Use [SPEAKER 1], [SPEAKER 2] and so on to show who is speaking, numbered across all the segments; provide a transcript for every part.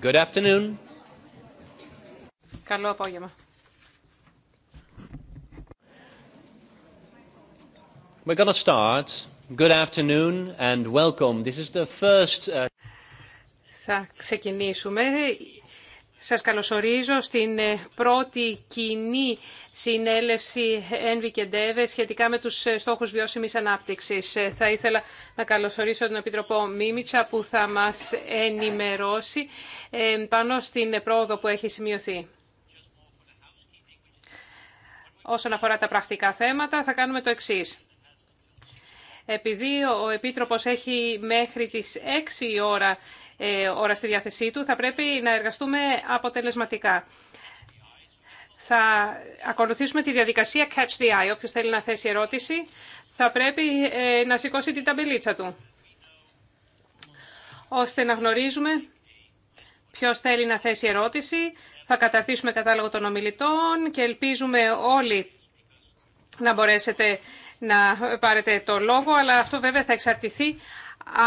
[SPEAKER 1] Good afternoon. Καλό απόγευμα. We're going to start. Good afternoon and welcome. This is the first. Θα ξεκινήσουμε. Σας καλωσορίζω στην ε, πρώτη κοινή συνέλευση Envy και Ντέβε σχετικά με τους ε, στόχους βιώσιμης ανάπτυξης. Ε, θα ήθελα να καλωσορίσω τον Επιτροπό Μίμητσα που θα μας ενημερώσει πάνω στην πρόοδο που έχει σημειωθεί. Όσον αφορά τα πρακτικά θέματα, θα κάνουμε το εξής. Επειδή ο Επίτροπος έχει μέχρι τις 6 η ώρα ε, ώρα στη διάθεσή του, θα πρέπει να εργαστούμε αποτελεσματικά. Θα ακολουθήσουμε τη διαδικασία catch the eye. Όποιος θέλει να θέσει ερώτηση θα πρέπει ε, να σηκώσει την ταμπελίτσα του, ώστε να γνωρίζουμε ποιος θέλει να θέσει ερώτηση. Θα καταρτήσουμε κατάλογο των ομιλητών και ελπίζουμε όλοι να μπορέσετε να πάρετε το λόγο, αλλά αυτό βέβαια θα εξαρτηθεί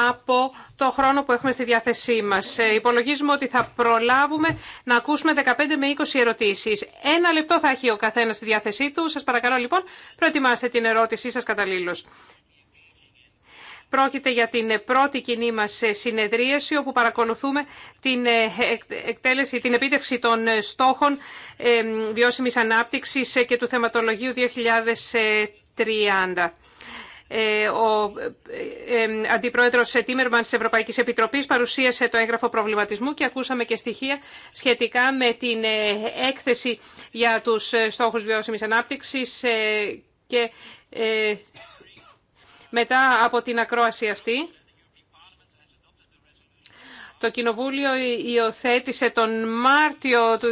[SPEAKER 1] από το χρόνο που έχουμε στη διάθεσή μας. Ε, υπολογίζουμε ότι θα προλάβουμε να ακούσουμε 15 με 20 ερωτήσεις. Ένα λεπτό θα έχει ο καθένας στη διάθεσή του. Σας παρακαλώ λοιπόν, προετοιμάστε την ερώτησή σας καταλήλως. Πρόκειται για την πρώτη κοινή μας ε, συνεδρίαση όπου παρακολουθούμε την, ε, εκτέλεση, την επίτευξη των στόχων βιώσιμης ανάπτυξης και του θεματολογίου 2030. Ε, ο ε, ε, Αντιπρόεδρος Τίμερμαν της Ευρωπαϊκής Επιτροπής παρουσίασε το έγγραφο προβληματισμού και ακούσαμε και στοιχεία σχετικά με την έκθεση για τους στόχους βιώσιμης ανάπτυξης και μετά από την ακρόαση αυτή το Κοινοβούλιο υιοθέτησε τον Μάρτιο του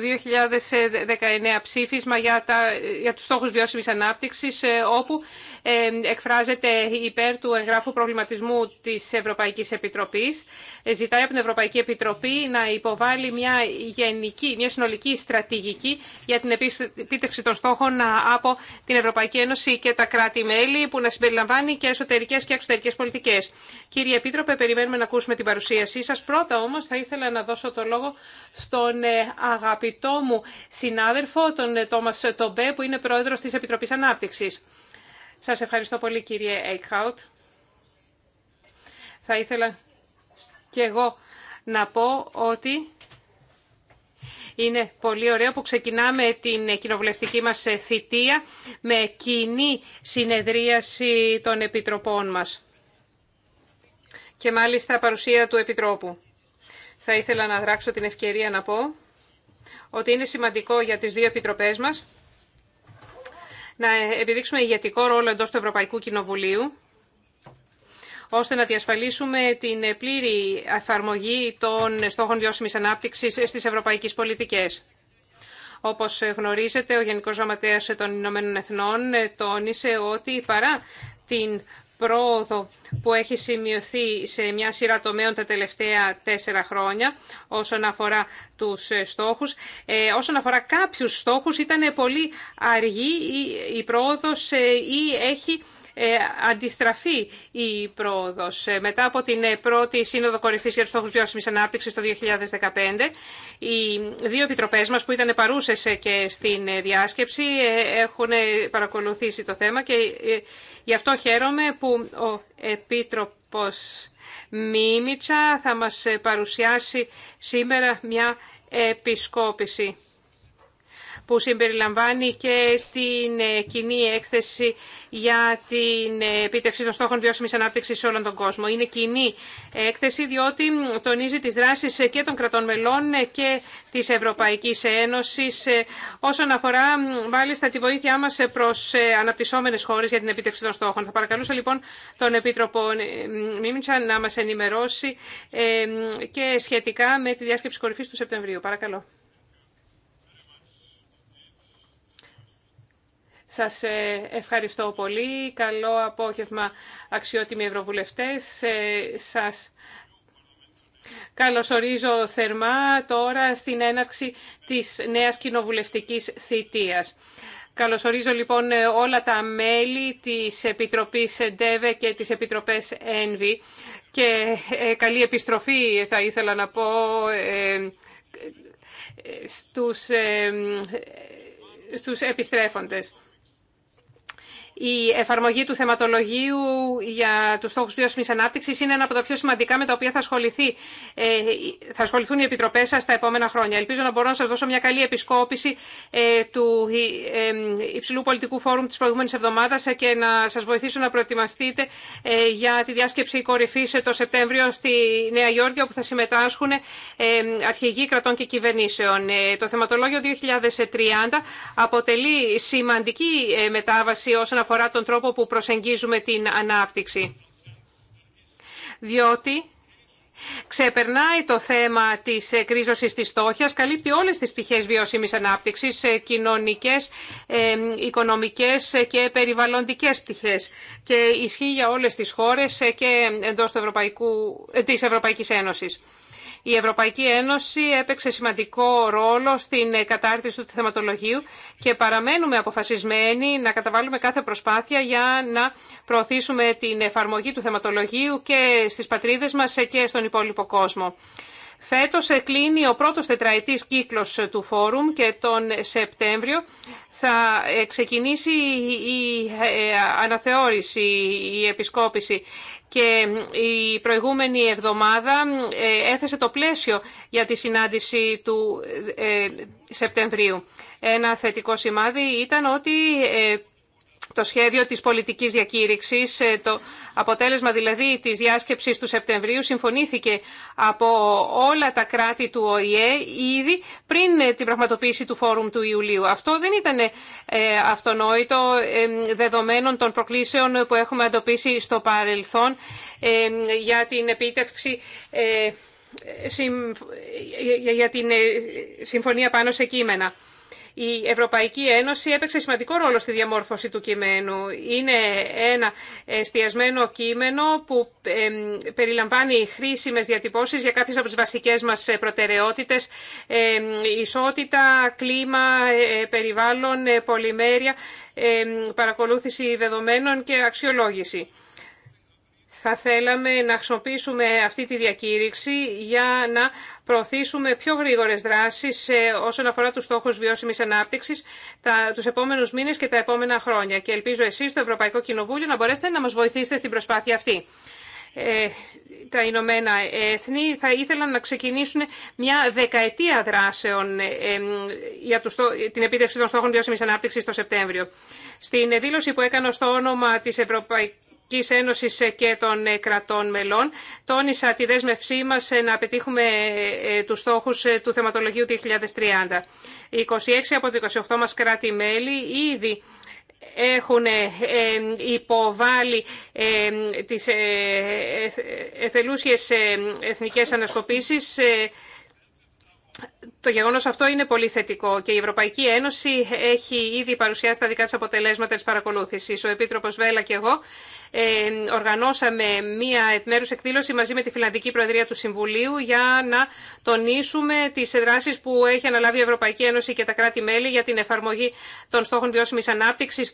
[SPEAKER 1] 2019 ψήφισμα για, τα, για τους στόχους βιώσιμης ανάπτυξης, ε, όπου ε, εκφράζεται υπέρ του εγγράφου προβληματισμού της Ευρωπαϊκής Επιτροπής. Ε, ζητάει από την Ευρωπαϊκή Επιτροπή να υποβάλει μια γενική, μια συνολική στρατηγική για την επίτευξη των στόχων από την Ευρωπαϊκή Ένωση και τα κράτη-μέλη, που να συμπεριλαμβάνει και εσωτερικές και εξωτερικές πολιτικές. Κύριε Επίτροπε, περιμένουμε να ακούσουμε την παρουσίασή σας πρώτα όμως θα ήθελα να δώσω το λόγο στον ε, αγαπητό μου συνάδελφο, τον ε, Τόμας Τομπέ, που είναι πρόεδρος της Επιτροπής Ανάπτυξης. Σας ευχαριστώ πολύ κύριε Έικχαουτ. Θα ήθελα και εγώ να πω ότι είναι πολύ ωραίο που ξεκινάμε την κοινοβουλευτική μας ε, θητεία με κοινή συνεδρίαση των επιτροπών μας και μάλιστα παρουσία του Επιτρόπου. Θα ήθελα να δράξω την ευκαιρία να πω ότι είναι σημαντικό για τις δύο επιτροπές μας να επιδείξουμε ηγετικό ρόλο εντός του Ευρωπαϊκού Κοινοβουλίου ώστε να διασφαλίσουμε την πλήρη εφαρμογή των στόχων βιώσιμης ανάπτυξης στις ευρωπαϊκές πολιτικές. Όπως γνωρίζετε, ο Γενικός Γραμματέας των Ηνωμένων Εθνών τόνισε ότι παρά την πρόοδο που έχει σημειωθεί σε μια σειρά τομέων τα τελευταία τέσσερα χρόνια όσον αφορά τους στόχους. Ε, όσον αφορά κάποιους στόχους ήταν πολύ αργή η, η πρόοδος ε, ή έχει ε, αντιστραφεί η πρόοδος. Ε, μετά από την ε, πρώτη Σύνοδο Κορυφή για του Στόχου Βιώσιμη Ανάπτυξη το 2015, οι δύο επιτροπέ μα που ήταν παρούσες και στην διάσκεψη έχουν παρακολουθήσει το θέμα και γι' αυτό χαίρομαι που ο επίτροπο Μίμητσα θα μας παρουσιάσει σήμερα μια επισκόπηση που συμπεριλαμβάνει και την ε, κοινή έκθεση για την ε, επίτευξη των στόχων βιώσιμης ανάπτυξη σε όλον τον κόσμο. Είναι κοινή έκθεση διότι τονίζει τι δράσει και των κρατών μελών ε, και τη Ευρωπαϊκή Ένωση. όσον αφορά μάλιστα τη βοήθειά μα προ αναπτυσσόμενες χώρε για την επίτευξη των στόχων. Θα παρακαλούσα λοιπόν τον Επίτροπο Μίμητσα να μα ενημερώσει και σχετικά με τη διάσκεψη κορυφή του Σεπτεμβρίου. Παρακαλώ. Σας ε, ευχαριστώ πολύ. Καλό απόγευμα αξιότιμοι ευρωβουλευτές. Ε, σας καλωσορίζω θερμά τώρα στην έναρξη της νέας κοινοβουλευτικής θητείας. Καλωσορίζω λοιπόν ε, όλα τα μέλη της Επιτροπής ΕΝΤΕΒΕ και της Επιτροπές ΕΝΒΗ και καλή επιστροφή θα ήθελα να πω στους, στους επιστρέφοντες. Η εφαρμογή του θεματολογίου για τους στόχους βιώσιμης ανάπτυξης είναι ένα από τα πιο σημαντικά με τα οποία θα, ασχοληθεί, ε, θα ασχοληθούν οι επιτροπές σας τα επόμενα χρόνια. Ελπίζω να μπορώ να σας δώσω μια καλή επισκόπηση ε, του ε, Υψηλού Πολιτικού Φόρουμ της προηγούμενης εβδομάδας και να σας βοηθήσω να προετοιμαστείτε για τη διάσκεψη κορυφή το Σεπτέμβριο στη Νέα Υόρκη όπου θα συμμετάσχουν αρχηγοί κρατών και κυβερνήσεων. Το θεματολόγιο 2030 αποτελεί σημαντική μετάβαση όσον αφορά τον τρόπο που προσεγγίζουμε την ανάπτυξη. Διότι ξεπερνάει το θέμα της κρίζωσης της στόχιας, καλύπτει όλες τις πτυχές βιώσιμης ανάπτυξης, ε, κοινωνικές, ε, οικονομικές και περιβαλλοντικές πτυχές και ισχύει για όλες τις χώρες ε, και εντός του Ευρωπαϊκού, της Ευρωπαϊκής Ένωσης. Η Ευρωπαϊκή Ένωση έπαιξε σημαντικό ρόλο στην κατάρτιση του θεματολογίου και παραμένουμε αποφασισμένοι να καταβάλουμε κάθε προσπάθεια για να προωθήσουμε την εφαρμογή του θεματολογίου και στις πατρίδες μας και στον υπόλοιπο κόσμο. Φέτος κλείνει ο πρώτος τετραετής κύκλος του Φόρουμ και τον Σεπτέμβριο θα ξεκινήσει η ε, αναθεώρηση, η επισκόπηση και η προηγούμενη εβδομάδα ε, έθεσε το πλαίσιο για τη συνάντηση του ε, ε, Σεπτεμβρίου. Ένα θετικό σημάδι ήταν ότι το σχέδιο της πολιτικής διακήρυξης, ε, το αποτέλεσμα δηλαδή της διάσκεψης του Σεπτεμβρίου συμφωνήθηκε από όλα τα κράτη του ΟΗΕ ήδη πριν ε, την πραγματοποίηση του φόρουμ του Ιουλίου. Αυτό δεν ήταν ε, αυτονόητο δεδομένων των προκλήσεων που έχουμε αντοπίσει στο παρελθόν για την επίτευξη για την συμφωνία πάνω σε κείμενα. Η Ευρωπαϊκή Ένωση έπαιξε σημαντικό ρόλο στη διαμόρφωση του κειμένου. Είναι ένα εστιασμένο κείμενο που περιλαμβάνει χρήσιμες διατυπώσεις για κάποιες από τις βασικές μας προτεραιότητες, ισότητα, κλίμα, ε, περιβάλλον, ε, πολυμέρεια, παρακολούθηση δεδομένων και αξιολόγηση. Θα θέλαμε να χρησιμοποιήσουμε αυτή τη διακήρυξη για να προωθήσουμε πιο γρήγορες δράσεις ε, όσον αφορά του στόχου βιώσιμης ανάπτυξης του τους επόμενους μήνες και τα επόμενα χρόνια. Και ελπίζω εσείς το Ευρωπαϊκό Κοινοβούλιο να μπορέσετε να μας βοηθήσετε στην προσπάθεια αυτή. Ε, τα Ηνωμένα Έθνη θα ήθελαν να ξεκινήσουν μια δεκαετία δράσεων ε, για το, την επίτευξη των στόχων βιώσιμη ανάπτυξη το Σεπτέμβριο. Στην δήλωση που έκανα στο όνομα τη Ευρωπαϊκή. Ευρωπαϊκής Ένωση και των ε, κρατών μελών. Τόνισα τη δέσμευσή μα ε, να πετύχουμε ε, τους στόχους του θεματολογίου 2030. Οι 26 από τα 28 μας κράτη-μέλη ήδη έχουν υποβάλει τις εθελούσιες εθνικές ανασκοπήσεις το γεγονό αυτό είναι πολύ θετικό και η Ευρωπαϊκή Ένωση έχει ήδη παρουσιάσει τα δικά τη αποτελέσματα τη παρακολούθηση. Ο Επίτροπο Βέλα και εγώ ε, οργανώσαμε μία επιμέρου εκδήλωση μαζί με τη Φιλανδική Προεδρία του Συμβουλίου για να τονίσουμε τι δράσει που έχει αναλάβει η Ευρωπαϊκή Ένωση και τα κράτη-μέλη για την εφαρμογή των στόχων βιώσιμη ανάπτυξη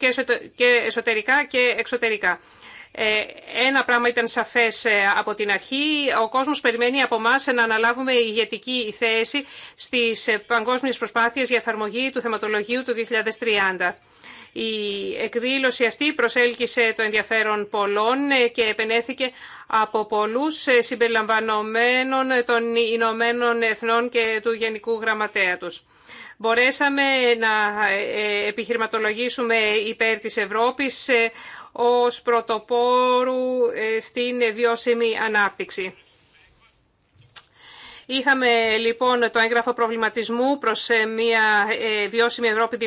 [SPEAKER 1] και εσωτερικά και εξωτερικά. Ε, ένα πράγμα ήταν σαφές ε, από την αρχή. Ο κόσμος περιμένει από εμά να αναλάβουμε ηγετική θέση στις ε, παγκόσμιες προσπάθειες για εφαρμογή του θεματολογίου του 2030. Η εκδήλωση αυτή προσέλκυσε το ενδιαφέρον πολλών και επενέθηκε από πολλούς συμπεριλαμβανομένων των Ηνωμένων Εθνών και του Γενικού Γραμματέα τους. Μπορέσαμε να επιχειρηματολογήσουμε υπέρ της Ευρώπης ως πρωτοπόρου ε, στην βιώσιμη ανάπτυξη. Είχαμε λοιπόν το έγγραφο προβληματισμού προς ε, μια ε, βιώσιμη Ευρώπη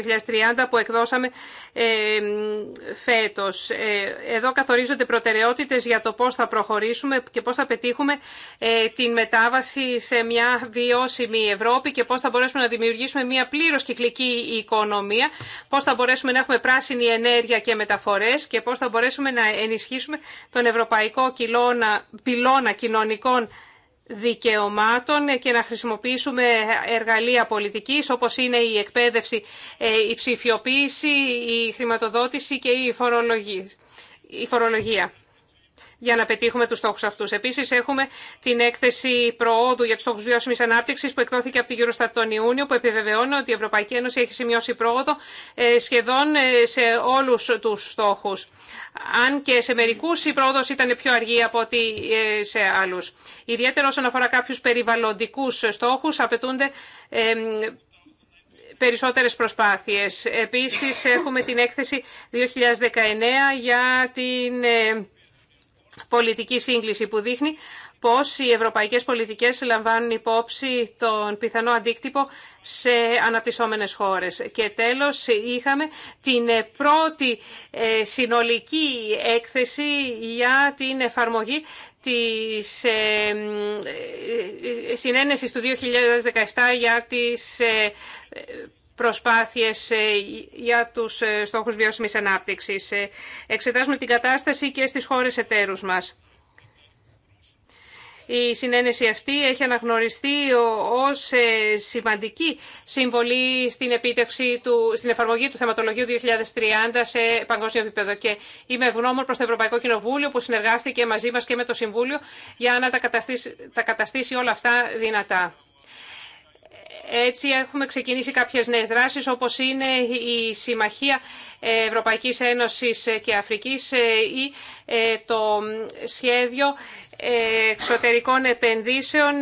[SPEAKER 1] 2030 που εκδώσαμε ε, φέτος. Εδώ καθορίζονται προτεραιότητες για το πώς θα προχωρήσουμε και πώς θα πετύχουμε την μετάβαση σε μια βιώσιμη Ευρώπη και πώς θα μπορέσουμε να δημιουργήσουμε μια πλήρως κυκλική οικονομία, πώς θα μπορέσουμε να έχουμε πράσινη ενέργεια και μεταφορές και πώς θα μπορέσουμε να ενισχύσουμε τον ευρωπαϊκό πυλώνα κοινωνικών δικαιωμάτων και να χρησιμοποιήσουμε εργαλεία πολιτικής όπως είναι η εκπαίδευση, ε, η ψηφιοποίηση, η χρηματοδότηση και η φορολογία για να πετύχουμε του στόχου αυτού. Επίση έχουμε την έκθεση προόδου για του στόχου βιώσιμη ανάπτυξη που εκδόθηκε από τη Eurostat τον Ιούνιο που επιβεβαιώνει ότι η Ευρωπαϊκή Ένωση έχει σημειώσει πρόοδο ε, σχεδόν ε, σε όλου του στόχου. Αν και σε μερικού η πρόοδο ήταν πιο αργή από ότι ε, σε άλλου. Ιδιαίτερα όσον αφορά κάποιου περιβαλλοντικού στόχου, απαιτούνται περισσότερες προσπάθειες. Επίσης έχουμε την έκθεση 2019 για την πολιτική σύγκληση που δείχνει πώς οι ευρωπαϊκές πολιτικές λαμβάνουν υπόψη τον πιθανό αντίκτυπο σε αναπτυσσόμενες χώρες. Και τέλος είχαμε την πρώτη ε, συνολική έκθεση για την εφαρμογή της ε, ε, συνένεσης του 2017 για τις προσπάθειες ε, για τους ε, στόχους βιώσιμης ανάπτυξης. Ε, εξετάζουμε την κατάσταση και στις χώρες εταίρους μας. Η συνένεση αυτή έχει αναγνωριστεί ως σημαντική συμβολή στην, επίτευξη του, στην εφαρμογή του θεματολογίου 2030 σε παγκόσμιο επίπεδο. Και είμαι ευγνώμων προς το Ευρωπαϊκό Κοινοβούλιο που συνεργάστηκε μαζί μας και με το Συμβούλιο για να τα τα καταστήσει όλα αυτά δυνατά έτσι έχουμε ξεκινήσει κάποιες νέες δράσεις όπως είναι η Συμμαχία Ευρωπαϊκής Ένωσης και Αφρικής ε, ή ε, το σχέδιο ε, εξωτερικών επενδύσεων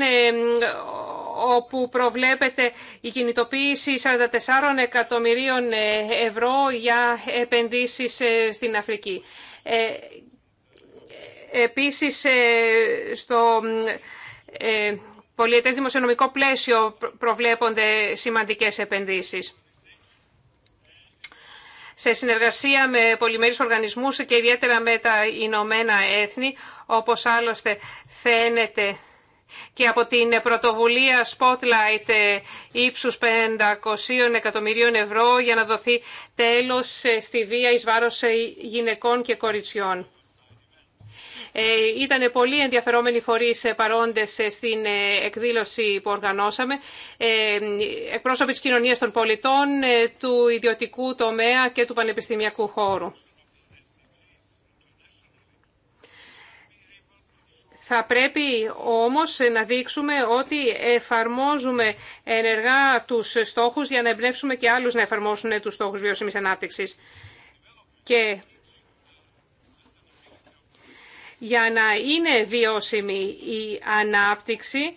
[SPEAKER 1] όπου προβλέπεται η κινητοποίηση 44 εκατομμυρίων ευρώ για επενδύσεις στην Αφρική. Επίσης, στο πολιετές δημοσιονομικό πλαίσιο προβλέπονται σημαντικές επενδύσεις. Σε συνεργασία με πολυμερείς οργανισμούς και ιδιαίτερα με τα Ηνωμένα Έθνη, όπως άλλωστε φαίνεται και από την πρωτοβουλία Spotlight ε, ύψους 500 εκατομμυρίων ευρώ για να δοθεί τέλος ε, στη βία εις βάρος ε, γυναικών και κοριτσιών. Ε, Ήταν πολύ ενδιαφερόμενοι φορείς ε, παρόντες ε, στην εκδήλωση που οργανώσαμε. Εκπρόσωποι της κοινωνίας των πολιτών, του ιδιωτικού τομέα και του πανεπιστημιακού χώρου. Θα πρέπει όμως να δείξουμε ότι εφαρμόζουμε ενεργά τους στόχους για να εμπνεύσουμε και άλλους να εφαρμόσουν τους στόχους βιώσιμης ανάπτυξης. Και για να είναι βιώσιμη η ανάπτυξη,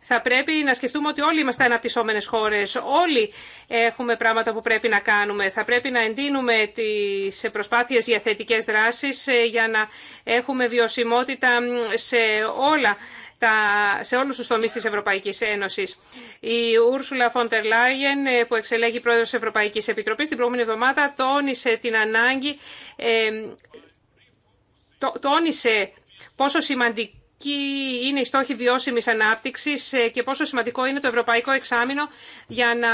[SPEAKER 1] θα πρέπει να σκεφτούμε ότι όλοι είμαστε αναπτυσσόμενες χώρες, όλοι έχουμε πράγματα που πρέπει να κάνουμε. Θα πρέπει να εντείνουμε τις προσπάθειες για θετικές δράσεις ε, για να έχουμε βιωσιμότητα σε όλα τα, σε όλους τους τομείς της Ευρωπαϊκής Ένωσης. Η Ούρσουλα Φοντερ Λάγεν, ε, που εξελέγει πρόεδρος της Ευρωπαϊκής Επιτροπής, την προηγούμενη εβδομάδα τόνισε την ανάγκη ε, τόνισε πόσο σημαντική είναι η στόχη βιώσιμης ανάπτυξης ε, και πόσο σημαντικό είναι το ευρωπαϊκό εξάμεινο για να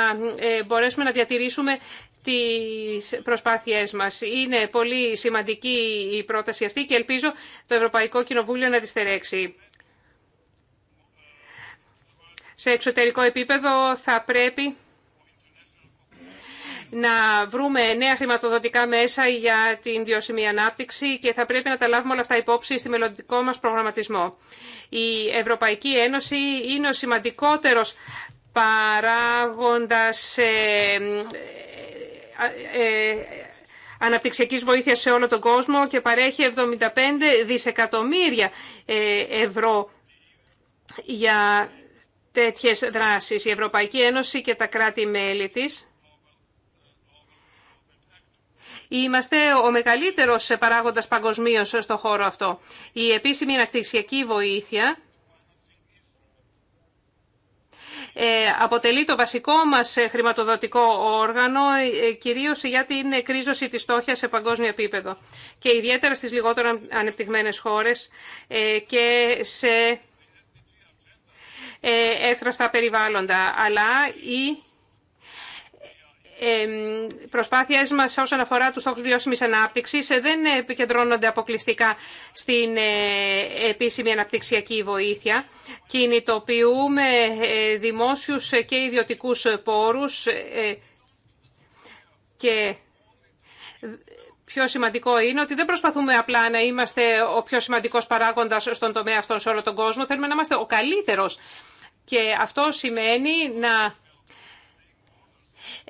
[SPEAKER 1] ε, μπορέσουμε να διατηρήσουμε τις προσπάθειές μας. Είναι πολύ σημαντική η πρόταση αυτή και ελπίζω το Ευρωπαϊκό Κοινοβούλιο να τη στερέξει. Σε εξωτερικό επίπεδο θα πρέπει να βρούμε νέα χρηματοδοτικά μέσα για την βιώσιμη ανάπτυξη και θα πρέπει να τα λάβουμε όλα αυτά υπόψη στη μελλοντικό μας προγραμματισμό. Η Ευρωπαϊκή Ένωση είναι ο σημαντικότερος παράγοντας ε, ε, ε αναπτυξιακής βοήθειας σε όλο τον κόσμο και παρέχει 75 δισεκατομμύρια ε, ευρώ για τέτοιες δράσεις. Η Ευρωπαϊκή Ένωση και τα κράτη-μέλη της Είμαστε ο μεγαλύτερος παράγοντας παγκοσμίω στο χώρο αυτό. Η επίσημη ανακτησιακή βοήθεια ε, αποτελεί το βασικό μας χρηματοδοτικό όργανο, ε, κυρίως για την κρίζωση της στόχιας σε παγκόσμιο επίπεδο και ιδιαίτερα στις λιγότερο ανεπτυγμένες χώρες ε, και σε έθραυστα περιβάλλοντα. Αλλά η προσπάθειε μας όσον αφορά τους στόχου βιώσιμη ανάπτυξης ε, δεν επικεντρώνονται αποκλειστικά στην ε, επίσημη αναπτυξιακή βοήθεια. Κινητοποιούμε ε, δημόσιους και ιδιωτικούς πόρους και πιο σημαντικό είναι ότι δεν προσπαθούμε απλά να είμαστε ο πιο σημαντικός παράγοντας στον τομέα αυτόν σε όλο τον κόσμο. Θέλουμε να είμαστε ο καλύτερο. Και αυτό σημαίνει να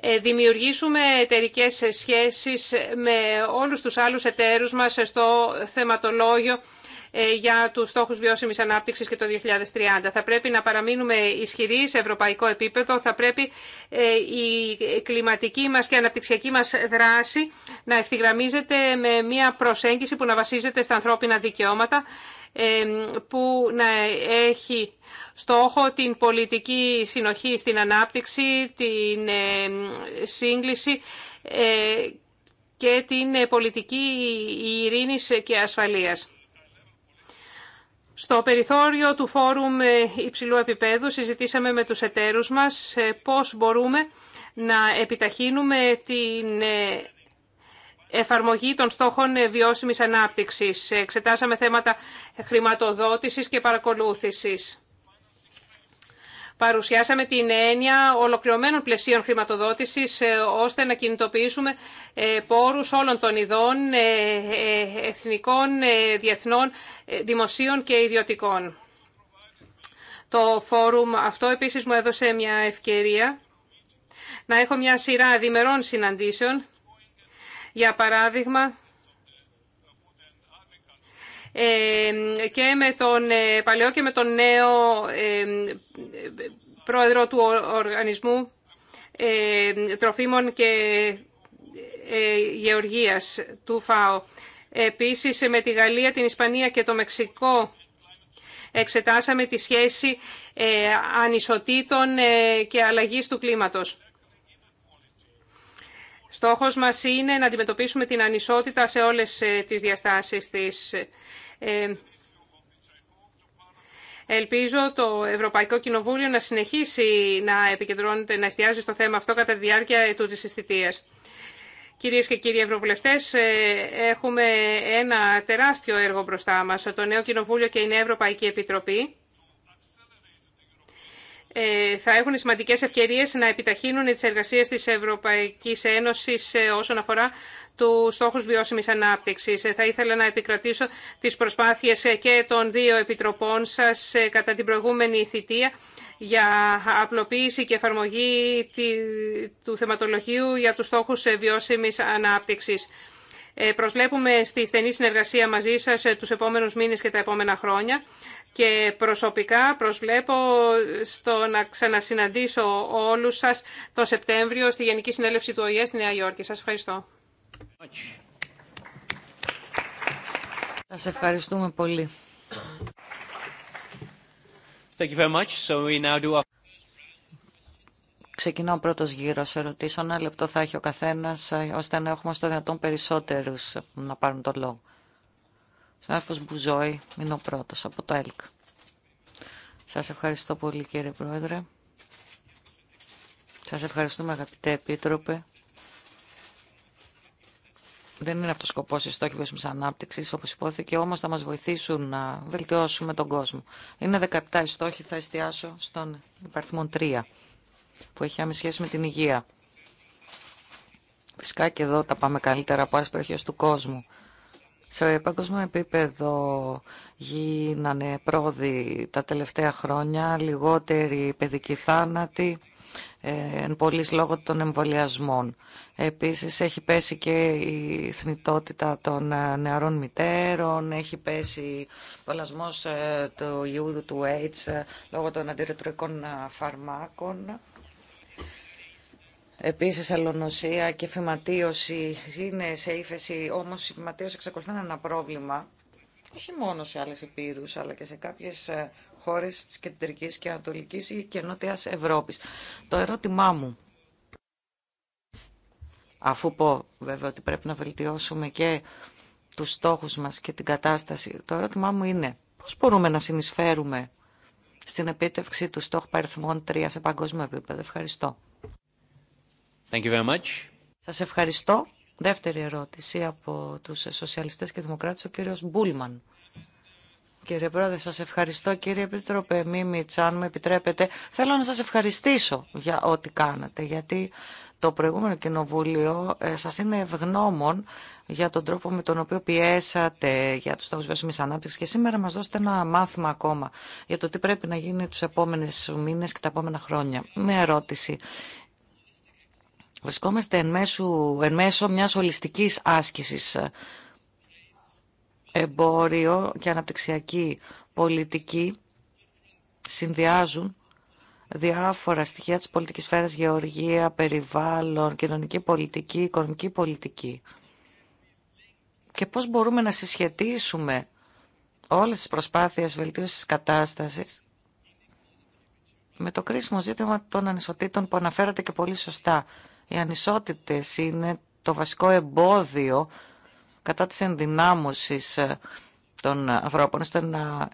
[SPEAKER 1] ε, δημιουργήσουμε εταιρικέ σχέσεις με όλους τους άλλους εταίρους μας στο θεματολόγιο ε, για τους στόχους βιώσιμης ανάπτυξης και το 2030. Θα πρέπει να παραμείνουμε ισχυροί σε ευρωπαϊκό επίπεδο, θα πρέπει ε, η κλιματική μας και αναπτυξιακή μας δράση να ευθυγραμμίζεται με μια προσέγγιση που να βασίζεται στα ανθρώπινα δικαιώματα, που να έχει στόχο την πολιτική συνοχή στην ανάπτυξη, την σύγκληση ε, και την πολιτική ειρήνης και ασφαλείας. Στο περιθώριο του Φόρουμ ε, Υψηλού Επιπέδου συζητήσαμε με τους εταίρους μας ε, πώς μπορούμε να επιταχύνουμε την εφαρμογή των στόχων ε, βιώσιμη ανάπτυξης. Εξετάσαμε θέματα χρηματοδότησης και παρακολούθησης. Παρουσιάσαμε την έννοια ολοκληρωμένων πλαισίων χρηματοδότησης ε, ώστε να κινητοποιήσουμε ε, πόρους όλων των ειδών εθνικών, διεθνών, δημοσίων και ιδιωτικών. Το φόρουμ αυτό επίσης μου έδωσε μια ευκαιρία να έχω μια σειρά διμερών συναντήσεων για παράδειγμα, ε, και με τον ε, παλαιό και με τον νέο ε, πρόεδρο του Οργανισμού Τροφίμων και Γεωργίας του ΦΑΟ. Επίσης, με τη Γαλλία, την Ισπανία και το Μεξικό εξετάσαμε τη σχέση ανισοτήτων και αλλαγής του κλίματος. Στόχος μας είναι να αντιμετωπίσουμε την ανισότητα σε όλες ε, τις διαστάσεις της. Ε, ελπίζω το Ευρωπαϊκό Κοινοβούλιο να συνεχίσει να επικεντρώνεται, να εστιάζει στο θέμα αυτό κατά τη διάρκεια του της συστητίας. Κυρίες και κύριοι Ευρωβουλευτές, ε, έχουμε ένα τεράστιο έργο μπροστά μας. Το νέο Κοινοβούλιο και η Νέα Ευρωπαϊκή Επιτροπή ε, θα έχουν σημαντικές ευκαιρίες να επιταχύνουν τις εργασίες της Ευρωπαϊκής Ένωσης ε, όσον αφορά του στόχους βιώσιμης ανάπτυξης. Ε, θα ήθελα να επικρατήσω τις προσπάθειες και των δύο επιτροπών σας κατά την προηγούμενη θητεία για απλοποίηση και εφαρμογή του θεματολογίου για τους στόχους βιώσιμης ανάπτυξης. Προσβλέπουμε στη στενή συνεργασία μαζί σας τους επόμενους μήνες και τα επόμενα χρόνια και προσωπικά προσβλέπω στο να ξανασυναντήσω όλους σας το Σεπτέμβριο στη Γενική Συνέλευση του ΟΗΕ στη Νέα Υόρκη. Σας ευχαριστώ.
[SPEAKER 2] Σας ευχαριστούμε πολύ.
[SPEAKER 1] Thank you very much. So we now do...
[SPEAKER 2] ο πρώτος γύρος ερωτήσεων. Ένα λεπτό θα έχει ο καθένας, ε, ώστε να έχουμε στο δυνατόν περισσότερους να πάρουν το λόγο. Συνάδελφος Μπουζόη είναι ο πρώτος από το ΕΛΚ. Σας ευχαριστώ πολύ κύριε Πρόεδρε. Σας ευχαριστούμε αγαπητέ Επίτροπε. Δεν είναι αυτό ο σκοπό οι στόχοι βιώσιμη ανάπτυξη, όπω υπόθηκε, όμω θα μα βοηθήσουν να βελτιώσουμε τον κόσμο. Είναι 17 οι στόχοι, θα εστιάσω στον υπαριθμό 3, που έχει άμεση σχέση με την υγεία. Φυσικά και εδώ τα πάμε καλύτερα από άλλε του κόσμου. Σε παγκόσμιο επίπεδο γίνανε πρόοδοι τα τελευταία χρόνια, λιγότεροι παιδικοί θάνατοι, ε, εν πολλής λόγω των εμβολιασμών. Επίσης έχει πέσει και η θνητότητα των ε, νεαρών μητέρων, έχει πέσει ο ε, του ιούδου του AIDS λόγω των αντιρρετροϊκών φαρμάκων Επίσης, αλλονοσία και φυματίωση είναι σε ύφεση, όμως η φυματίωση εξακολουθεί να είναι ένα πρόβλημα, όχι μόνο σε άλλες υπήρους, αλλά και σε κάποιες ε, χώρες της κεντρικής και ανατολικής και νότιας Ευρώπης. Το ερώτημά μου, αφού πω βέβαια ότι πρέπει να βελτιώσουμε και τους στόχους μας και την κατάσταση, το ερώτημά μου είναι πώς μπορούμε να συνεισφέρουμε στην επίτευξη του στόχου παριθμών 3 σε παγκόσμιο επίπεδο. Ευχαριστώ.
[SPEAKER 1] Thank you very much.
[SPEAKER 2] Σας ευχαριστώ. Δεύτερη ερώτηση από τους σοσιαλιστές και δημοκράτες, ο κύριος Μπούλμαν. Κύριε Πρόεδρε, σας ευχαριστώ. Κύριε Επίτροπε μη αν με επιτρέπετε, θέλω να σας ευχαριστήσω για ό,τι κάνατε, γιατί το προηγούμενο κοινοβούλιο ε, σας είναι ευγνώμων για τον τρόπο με τον οποίο πιέσατε για τους στόχους βιώσιμης ανάπτυξης και σήμερα μας δώσετε ένα μάθημα ακόμα για το τι πρέπει να γίνει τους επόμενες μήνες και τα επόμενα χρόνια. Μια ερώτηση. Βρισκόμαστε εν, μέσω, εν μέσω μιας ολιστικής άσκησης εμπόριο και αναπτυξιακή πολιτική συνδυάζουν διάφορα στοιχεία της πολιτικής σφαίρας, γεωργία, περιβάλλον, κοινωνική πολιτική, οικονομική πολιτική. Και πώς μπορούμε να συσχετίσουμε όλες τις προσπάθειες βελτίωσης κατάστασης με το κρίσιμο ζήτημα των ανισοτήτων που αναφέρατε και πολύ σωστά οι ανισότητες είναι το βασικό εμπόδιο κατά της ενδυνάμωσης ε, των ανθρώπων ώστε να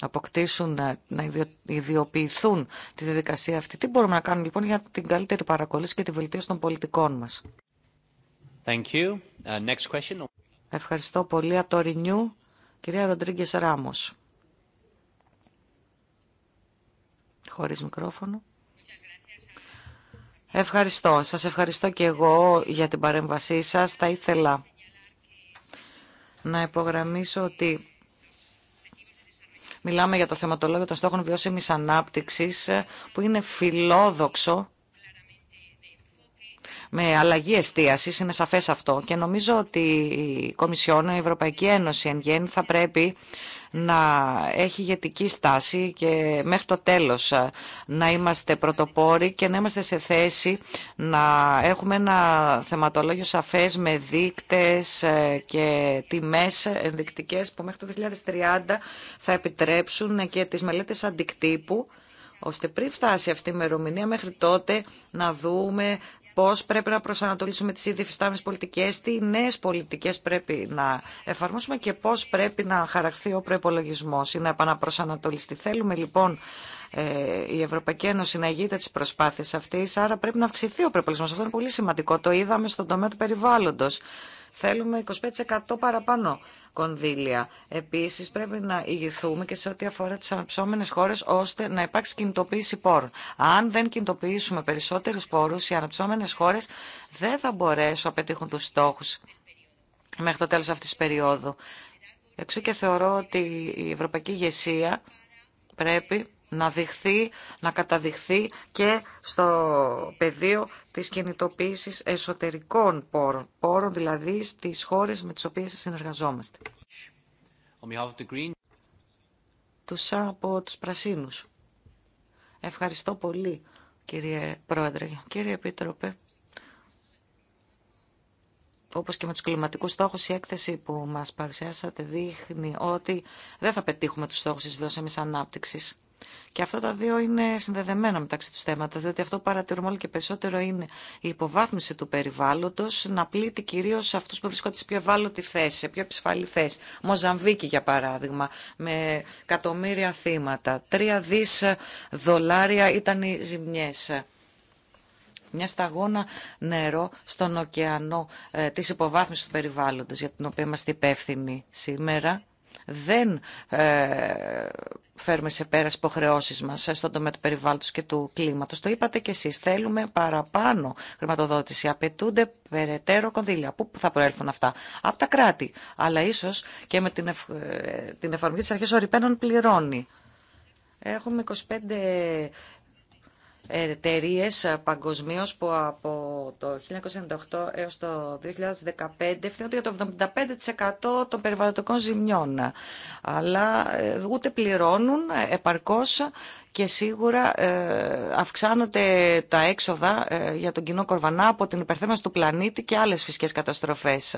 [SPEAKER 2] αποκτήσουν, ε, να ιδιοποιηθούν τη διαδικασία αυτή. Τι μπορούμε να κάνουμε λοιπόν για την καλύτερη παρακολούθηση και τη βελτίωση των πολιτικών μας.
[SPEAKER 1] Thank you. Uh, next question.
[SPEAKER 2] Ευχαριστώ πολύ. Από το Renew, κυρία Ροντρίγκε Ράμος. Χωρίς μικρόφωνο. Ευχαριστώ. Σας ευχαριστώ και εγώ για την παρέμβασή σας. Θα ήθελα να υπογραμμίσω ότι μιλάμε για το θεματολόγιο των στόχων βιώσιμης ανάπτυξης που είναι φιλόδοξο με αλλαγή εστίασης, είναι σαφές αυτό. Και νομίζω ότι η Κομισιόν, η Ευρωπαϊκή Ένωση εν γέννη θα πρέπει να έχει ηγετική στάση και μέχρι το τέλος ε, να είμαστε πρωτοπόροι και να είμαστε σε θέση να έχουμε ένα θεματολόγιο σαφές με δείκτες ε, και τιμές ενδεικτικές που μέχρι το 2030 θα επιτρέψουν ε, και τις μελέτες αντικτύπου ώστε πριν φτάσει αυτή η ημερομηνία μέχρι τότε να δούμε πώς πρέπει να προσανατολίσουμε τις ήδη φυστάμενε πολιτικές, τι νέες πολιτικές πρέπει να εφαρμόσουμε και πώς πρέπει να χαραχθεί ο προπολογισμό ή να επαναπροσανατολιστεί. Θέλουμε λοιπόν ε, η Ευρωπαϊκή Ένωση να ηγείται τις προσπάθειες αυτής, άρα πρέπει να ηγειται τις προσπαθειες αυτή, αρα πρεπει να αυξηθει ο προπολογισμό. Αυτό είναι πολύ σημαντικό. Το είδαμε στον τομέα του περιβάλλοντο. Θέλουμε 25% παραπάνω κονδύλια. Επίσης πρέπει να ηγηθούμε και σε ό,τι αφορά τις αναψώμενες χώρες ώστε να υπάρξει κινητοποίηση πόρων. Αν δεν κινητοποιήσουμε περισσότερους πόρους, οι αναψώμενες χώρες δεν θα μπορέσουν να πετύχουν τους στόχους μέχρι το τέλος αυτής της περίοδου. Εξού και θεωρώ ότι η ευρωπαϊκή ηγεσία πρέπει να δειχθεί, να καταδειχθεί και στο πεδίο της κινητοποίησης εσωτερικών πόρων, δηλαδή στις χώρες με τις οποίες συνεργαζόμαστε. Τους από τους πρασίνους. Ευχαριστώ πολύ κύριε Πρόεδρε, κύριε Επίτροπε. Όπως και με τους κλιματικούς στόχους, η έκθεση που μας παρουσιάσατε δείχνει ότι δεν θα πετύχουμε τους στόχους της βιώσιμης ανάπτυξης και αυτά τα δύο είναι συνδεδεμένα μεταξύ του θέματα, διότι αυτό που παρατηρούμε όλο και περισσότερο είναι η υποβάθμιση του περιβάλλοντο να πλήττει κυρίω αυτού που βρίσκονται σε πιο ευάλωτη θέση, σε πιο επισφαλή θέση. Μοζαμβίκη, για παράδειγμα, με εκατομμύρια θύματα. Τρία δι δολάρια ήταν οι ζημιέ. Μια σταγόνα νερό στον ωκεανό ε, της υποβάθμισης του περιβάλλοντος, για την οποία είμαστε υπεύθυνοι σήμερα δεν ε, φέρουμε σε πέρα υποχρεώσει μα στον τομέα του περιβάλλοντο και του κλίματο. Το είπατε και εσεί. Θέλουμε παραπάνω χρηματοδότηση. Απαιτούνται περαιτέρω κονδύλια. Πού θα προέλθουν αυτά, από τα κράτη. Αλλά ίσω και με την, ε, την εφαρμογή τη αρχή οριπένων πληρώνει. Έχουμε 25 εταιρείε παγκοσμίω που από το 1998 έως το 2015 ευθύνονται για το 75% των περιβαλλοντικών ζημιών. Αλλά ε, ούτε πληρώνουν επαρκώς και σίγουρα ε, αυξάνονται τα έξοδα ε, για τον κοινό κορβανά από την υπερθέμαση του πλανήτη και άλλες φυσικές καταστροφές.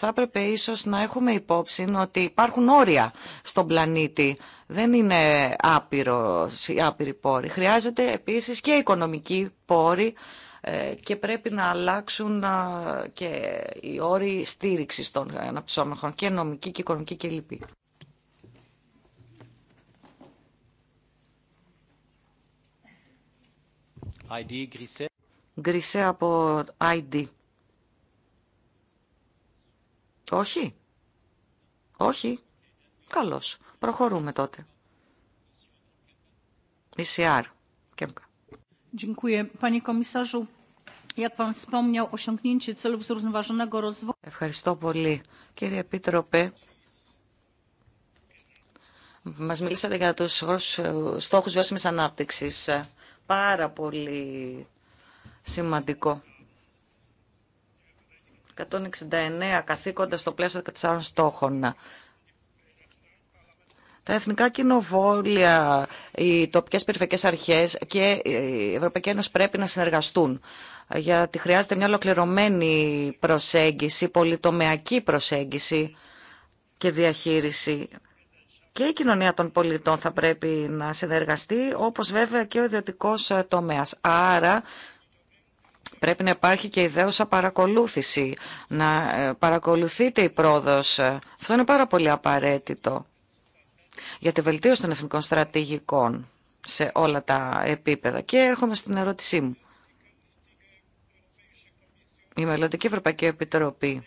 [SPEAKER 2] θα έπρεπε ίσως να έχουμε υπόψη ότι υπάρχουν όρια στον πλανήτη. Δεν είναι άπειρο, άπειροι πόροι. Χρειάζονται επίσης και οικονομικοί πόροι ε, και πρέπει να αλλάξουν ε, και οι όροι στήριξης των αναπτυσσόμενων και νομική και οικονομική κλπ. ID, Γκρισέ από ID. Όχι. Όχι. Καλώς. Προχωρούμε τότε. Κέμκα. Ευχαριστώ πολύ. Κύριε Επίτροπε, μας μιλήσατε για τους ε, στόχους βιώσιμης ανάπτυξης. Πάρα πολύ σημαντικό. 169 καθήκοντα στο πλαίσιο 14 στόχων. Τα εθνικά κοινοβόλια, οι τοπικές περιφερειακές αρχές και η Ευρωπαϊκή Ένωση πρέπει να συνεργαστούν γιατί χρειάζεται μια ολοκληρωμένη προσέγγιση, πολυτομεακή προσέγγιση και διαχείριση. Και η κοινωνία των πολιτών θα πρέπει να συνεργαστεί, όπως βέβαια και ο ιδιωτικός τομέας. Άρα Πρέπει να υπάρχει και ιδέωσα παρακολούθηση, να ε, παρακολουθείτε η πρόοδος. Ε, αυτό είναι πάρα πολύ απαραίτητο για τη βελτίωση των εθνικών στρατηγικών σε όλα τα επίπεδα. Και έρχομαι στην ερώτησή μου. Η Μελλοντική Ευρωπαϊκή Επιτροπή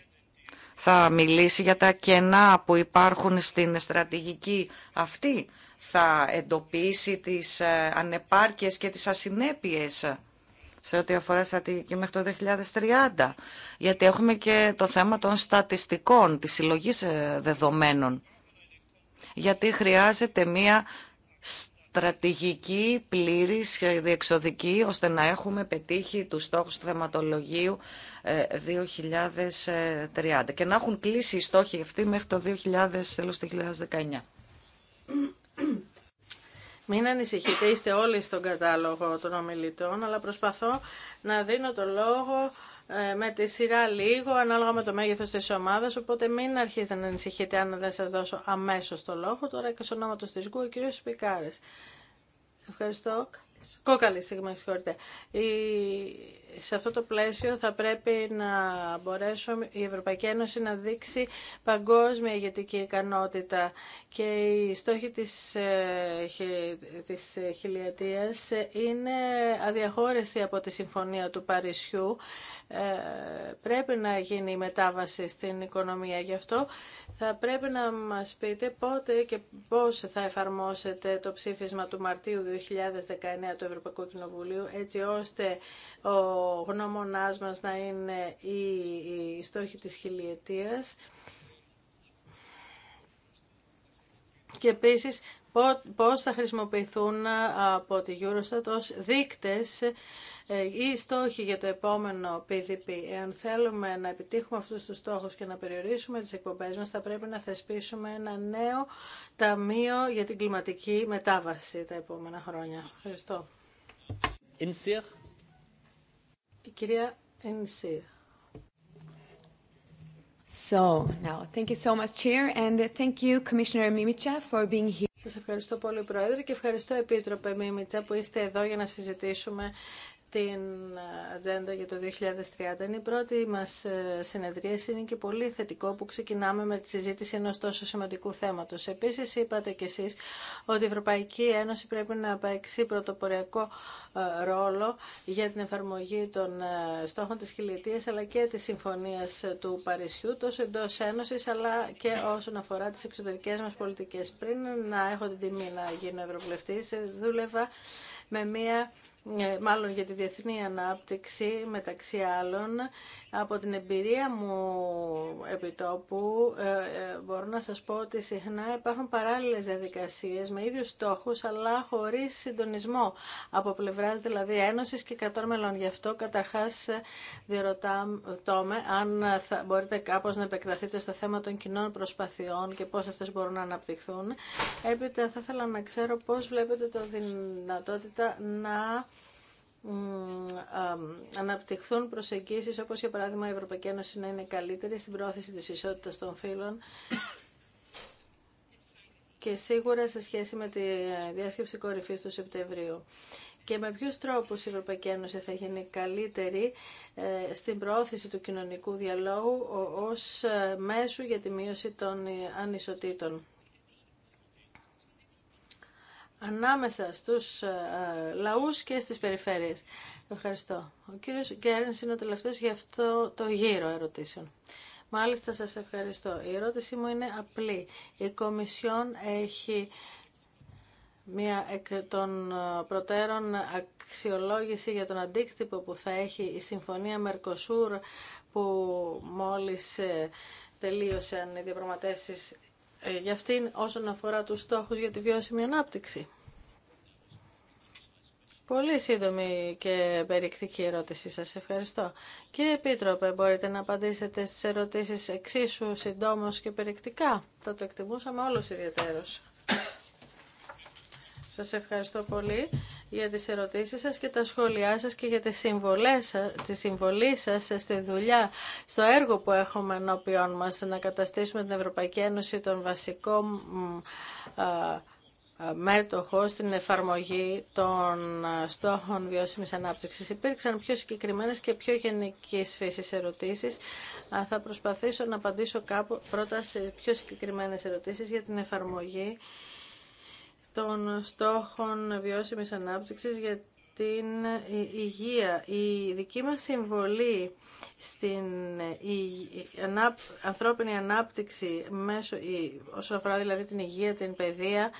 [SPEAKER 2] θα μιλήσει για τα κενά που υπάρχουν στην στρατηγική αυτή. Θα εντοπίσει τις ε, ανεπάρκειες και τις ασυνέπειες σε ό,τι αφορά στρατηγική μέχρι το 2030. Γιατί έχουμε και το θέμα των στατιστικών, της συλλογής ε, δεδομένων. Γιατί χρειάζεται μία στρατηγική, πλήρη, διεξοδική, ώστε να έχουμε πετύχει τους στόχους του θεματολογίου 2030 ε, και να έχουν κλείσει οι στόχοι αυτοί μέχρι το 2019.
[SPEAKER 3] Μην ανησυχείτε, είστε όλοι στον κατάλογο των ομιλητών, αλλά προσπαθώ να δίνω το λόγο ε, με τη σειρά λίγο, ανάλογα με το μέγεθος της ομάδας, οπότε μην αρχίσετε να ανησυχείτε αν δεν σας δώσω αμέσως το λόγο. Τώρα και στο όνομα της ΓΚΟΥ, ο κύριος Σπικάρης. Ευχαριστώ. Κόκαλη, συγγνώμη, συγχωρείτε. Η σε αυτό το πλαίσιο θα πρέπει να μπορέσουν η Ευρωπαϊκή Ένωση να δείξει παγκόσμια ηγετική ικανότητα και οι στόχοι της, ε, της χιλιατίας είναι αδιαχώρηση από τη Συμφωνία του Παρισιού. Ε, πρέπει να γίνει η μετάβαση στην οικονομία γι' αυτό. Θα πρέπει να μας πείτε πότε και πώς θα εφαρμόσετε το ψήφισμα του Μαρτίου 2019 του Ευρωπαϊκού Κοινοβουλίου έτσι ώστε ο γνώμονάς μας να είναι η στόχη της χιλιετίας και επίσης πώς θα χρησιμοποιηθούν από τη Eurostat ως δείκτες ε, ή στόχοι για το επόμενο PDP. Εάν θέλουμε να επιτύχουμε αυτούς τους στόχους και να περιορίσουμε τις εκπομπές μας, θα πρέπει να θεσπίσουμε ένα νέο ταμείο για την κλιματική μετάβαση τα επόμενα χρόνια. Ευχαριστώ. Η κυρία Ενσύρ. So, now, thank you so much, Chair, and thank you, Commissioner Mimicha, for being here. Σας ευχαριστώ πολύ, Πρόεδρε, και ευχαριστώ, Επίτροπε Μίμητσα, που είστε εδώ για να συζητήσουμε την ατζέντα για το 2030. Είναι η πρώτη μας ε, συνεδρίαση, είναι και πολύ θετικό που ξεκινάμε με τη συζήτηση ενός τόσο σημαντικού θέματος. Επίσης είπατε κι εσείς ότι η Ευρωπαϊκή Ένωση πρέπει να παίξει πρωτοποριακό ε, ρόλο για την εφαρμογή των ε, στόχων της χιλιετίας αλλά και τη συμφωνίας του Παρισιού τόσο εντός Ένωσης αλλά και όσον αφορά τις εξωτερικές μας πολιτικές. Πριν να έχω την τιμή να γίνω Ευρωβουλευτής δούλευα με μια ε, μάλλον για τη διεθνή ανάπτυξη μεταξύ άλλων. Από την εμπειρία μου επιτόπου ε, ε, μπορώ να σας πω ότι συχνά υπάρχουν παράλληλες διαδικασίες με ίδιους στόχους αλλά χωρίς συντονισμό από πλευράς δηλαδή Ένωσης και κρατών μελών. Γι' αυτό καταρχάς διερωτάμε, αν μπορείτε κάπως να επεκταθείτε στο θέμα των κοινών προσπαθειών και πώς αυτές μπορούν να αναπτυχθούν. Έπειτα θα ήθελα να ξέρω πώς βλέπετε το δυνατότητα να αναπτυχθούν προσεγγίσεις όπως για παράδειγμα η Ευρωπαϊκή Ένωση να είναι καλύτερη στην πρόθεση της ισότητας των φύλων και σίγουρα σε σχέση με τη διάσκεψη κορυφής του Σεπτεμβρίου. Και με ποιους τρόπους η Ευρωπαϊκή Ένωση θα γίνει καλύτερη ε, στην προώθηση του κοινωνικού διαλόγου ως ε, μέσου για τη μείωση των ανισοτήτων ανάμεσα στους ε, ε, λαούς και στις περιφέρειες. Ευχαριστώ. Ο κύριος Γκέρνς είναι ο τελευταίος για αυτό το γύρο ερωτήσεων. Μάλιστα σας ευχαριστώ. Η ερώτησή μου είναι απλή. Η Κομισιόν έχει μία εκ των ε, προτέρων αξιολόγηση για τον αντίκτυπο που θα έχει η Συμφωνία Μερκοσούρ που μόλις τελείωσαν οι διαπραγματεύσεις ε, για αυτήν όσον αφορά τους στόχους για τη βιώσιμη ανάπτυξη. Πολύ σύντομη και περιεκτική ερώτηση σας. Ευχαριστώ. Κύριε Επίτροπε, μπορείτε να απαντήσετε στις ερωτήσεις εξίσου συντόμως και περιεκτικά. Θα το εκτιμούσαμε όλος ιδιαίτερος. Σας ευχαριστώ πολύ για τις ερωτήσεις σας και τα σχόλιά σας και για τις συμβολές, τη συμβολή σας στη δουλειά, στο έργο που έχουμε ενώπιόν μας να καταστήσουμε την Ευρωπαϊκή Ένωση τον βασικό μέτοχο στην εφαρμογή των στόχων βιώσιμης ανάπτυξης. Υπήρξαν πιο συγκεκριμένες και πιο γενικής φύσης ερωτήσεις. Θα προσπαθήσω να απαντήσω κάπου πρώτα σε πιο συγκεκριμένες ερωτήσεις για την εφαρμογή των στόχων βιώσιμης ανάπτυξης για την ε, υγεία. Η δική μας συμβολή στην ε, ανθρώπινη ανάπτυξη μέσω, όσον αφορά δηλαδή την υγεία, την παιδεία,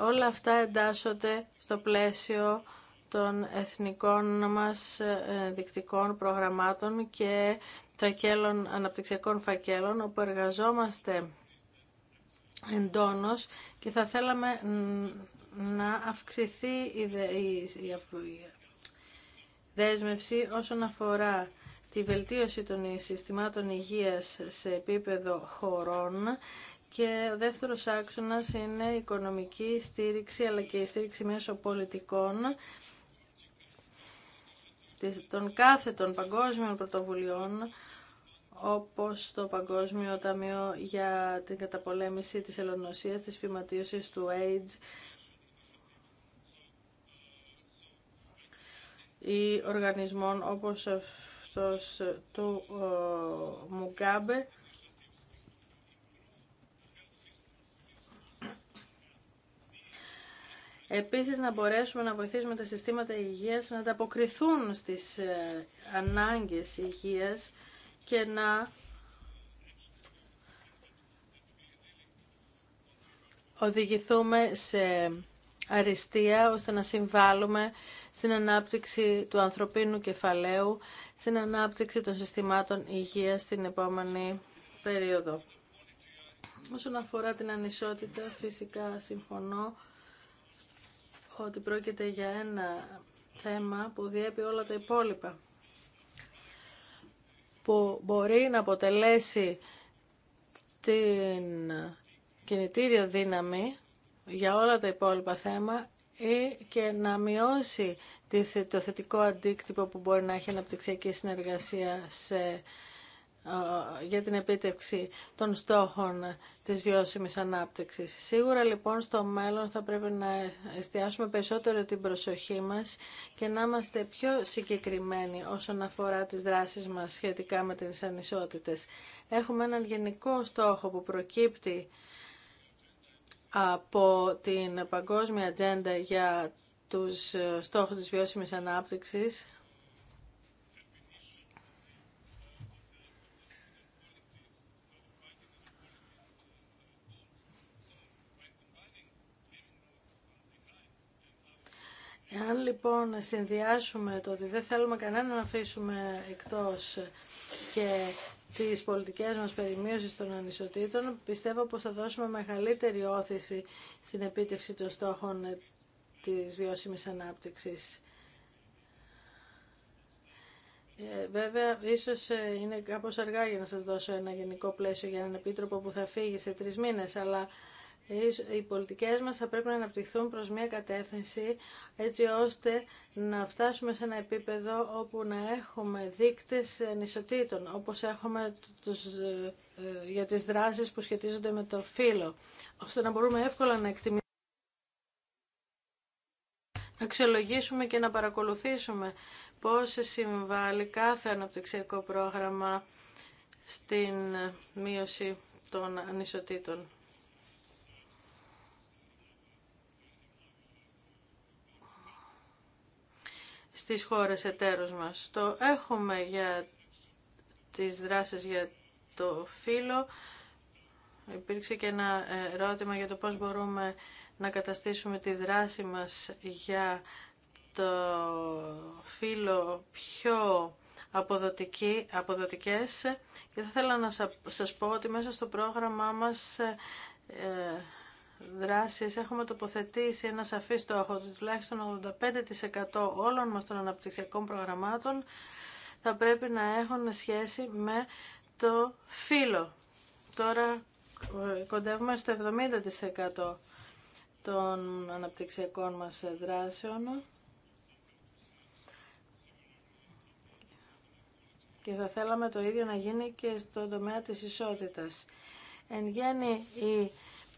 [SPEAKER 3] όλα αυτά εντάσσονται στο πλαίσιο των εθνικών μας ε, δικτικών προγραμμάτων και φακέλων, αναπτυξιακών φακέλων, όπου εργαζόμαστε εντόνως και θα θέλαμε να αυξηθεί η δέσμευση όσον αφορά τη βελτίωση των συστημάτων υγείας σε επίπεδο χωρών και ο δεύτερος άξονας είναι η οικονομική στήριξη αλλά και η στήριξη μέσω πολιτικών των κάθε των παγκόσμιων πρωτοβουλειών όπως το Παγκόσμιο Ταμείο για την καταπολέμηση της ελονοσίας, της φυματίωσης του AIDS ή οργανισμών όπως αυτός του Μουγκάμπε. Επίσης να μπορέσουμε να βοηθήσουμε τα συστήματα υγείας να ανταποκριθούν στις ε, ανάγκες υγείας και να οδηγηθούμε σε αριστεία ώστε να συμβάλλουμε στην ανάπτυξη του ανθρωπίνου κεφαλαίου, στην ανάπτυξη των συστημάτων υγείας στην επόμενη περίοδο. Όσον αφορά την ανισότητα, φυσικά συμφωνώ ότι πρόκειται για ένα θέμα που διέπει όλα τα υπόλοιπα που μπορεί να αποτελέσει την κινητήριο δύναμη για όλα τα υπόλοιπα θέματα ή και να μειώσει το θετικό αντίκτυπο που μπορεί να έχει αναπτυξιακή συνεργασία σε ε, για την επίτευξη των στόχων της βιώσιμης ανάπτυξης. Σίγουρα λοιπόν στο μέλλον θα πρέπει να εστιάσουμε περισσότερο την προσοχή μας και να είμαστε πιο συγκεκριμένοι όσον αφορά τις δράσεις μας σχετικά με τις ανισότητες. Έχουμε έναν γενικό στόχο που προκύπτει από την Παγκόσμια Ατζέντα για τους στόχους της βιώσιμης ανάπτυξης Εάν λοιπόν συνδυάσουμε το ότι δεν θέλουμε κανέναν να αφήσουμε εκτός και τις πολιτικές μας περιμείωσης των ανισοτήτων, πιστεύω πως θα δώσουμε μεγαλύτερη όθηση στην επίτευξη των στόχων της βιώσιμης ανάπτυξης. Ε, βέβαια, ίσως ε, είναι κάπως αργά για να σας δώσω ένα γενικό πλαίσιο για έναν επίτροπο που θα φύγει σε τρεις μήνες, αλλά οι πολιτικές μας θα πρέπει να αναπτυχθούν προς μια κατεύθυνση έτσι ώστε να φτάσουμε σε ένα επίπεδο όπου να έχουμε δείκτες νησοτήτων, όπως έχουμε τους, ε, ε, για τις δράσεις που σχετίζονται με το φύλλο, ώστε να μπορούμε εύκολα να εκτιμήσουμε να και να παρακολουθήσουμε πώς συμβάλλει κάθε αναπτυξιακό πρόγραμμα στην μείωση των ανισοτήτων. στις χώρες εταίρους μας. Το έχουμε για τις δράσεις για το φύλλο. Υπήρξε και ένα ερώτημα για το πώς μπορούμε να καταστήσουμε τη δράση μας για το φύλλο πιο αποδοτική, αποδοτικές και θα ήθελα να σας πω ότι μέσα στο πρόγραμμά μας ε, δράσεις έχουμε τοποθετήσει ένα σαφή στόχο ότι τουλάχιστον 85% όλων μας των αναπτυξιακών προγραμμάτων θα πρέπει να έχουν σχέση με το φύλλο. Τώρα ε, κοντεύουμε στο 70% των αναπτυξιακών μας δράσεων και θα θέλαμε το ίδιο να γίνει και στον τομέα της ισότητας. Εν γέννη, η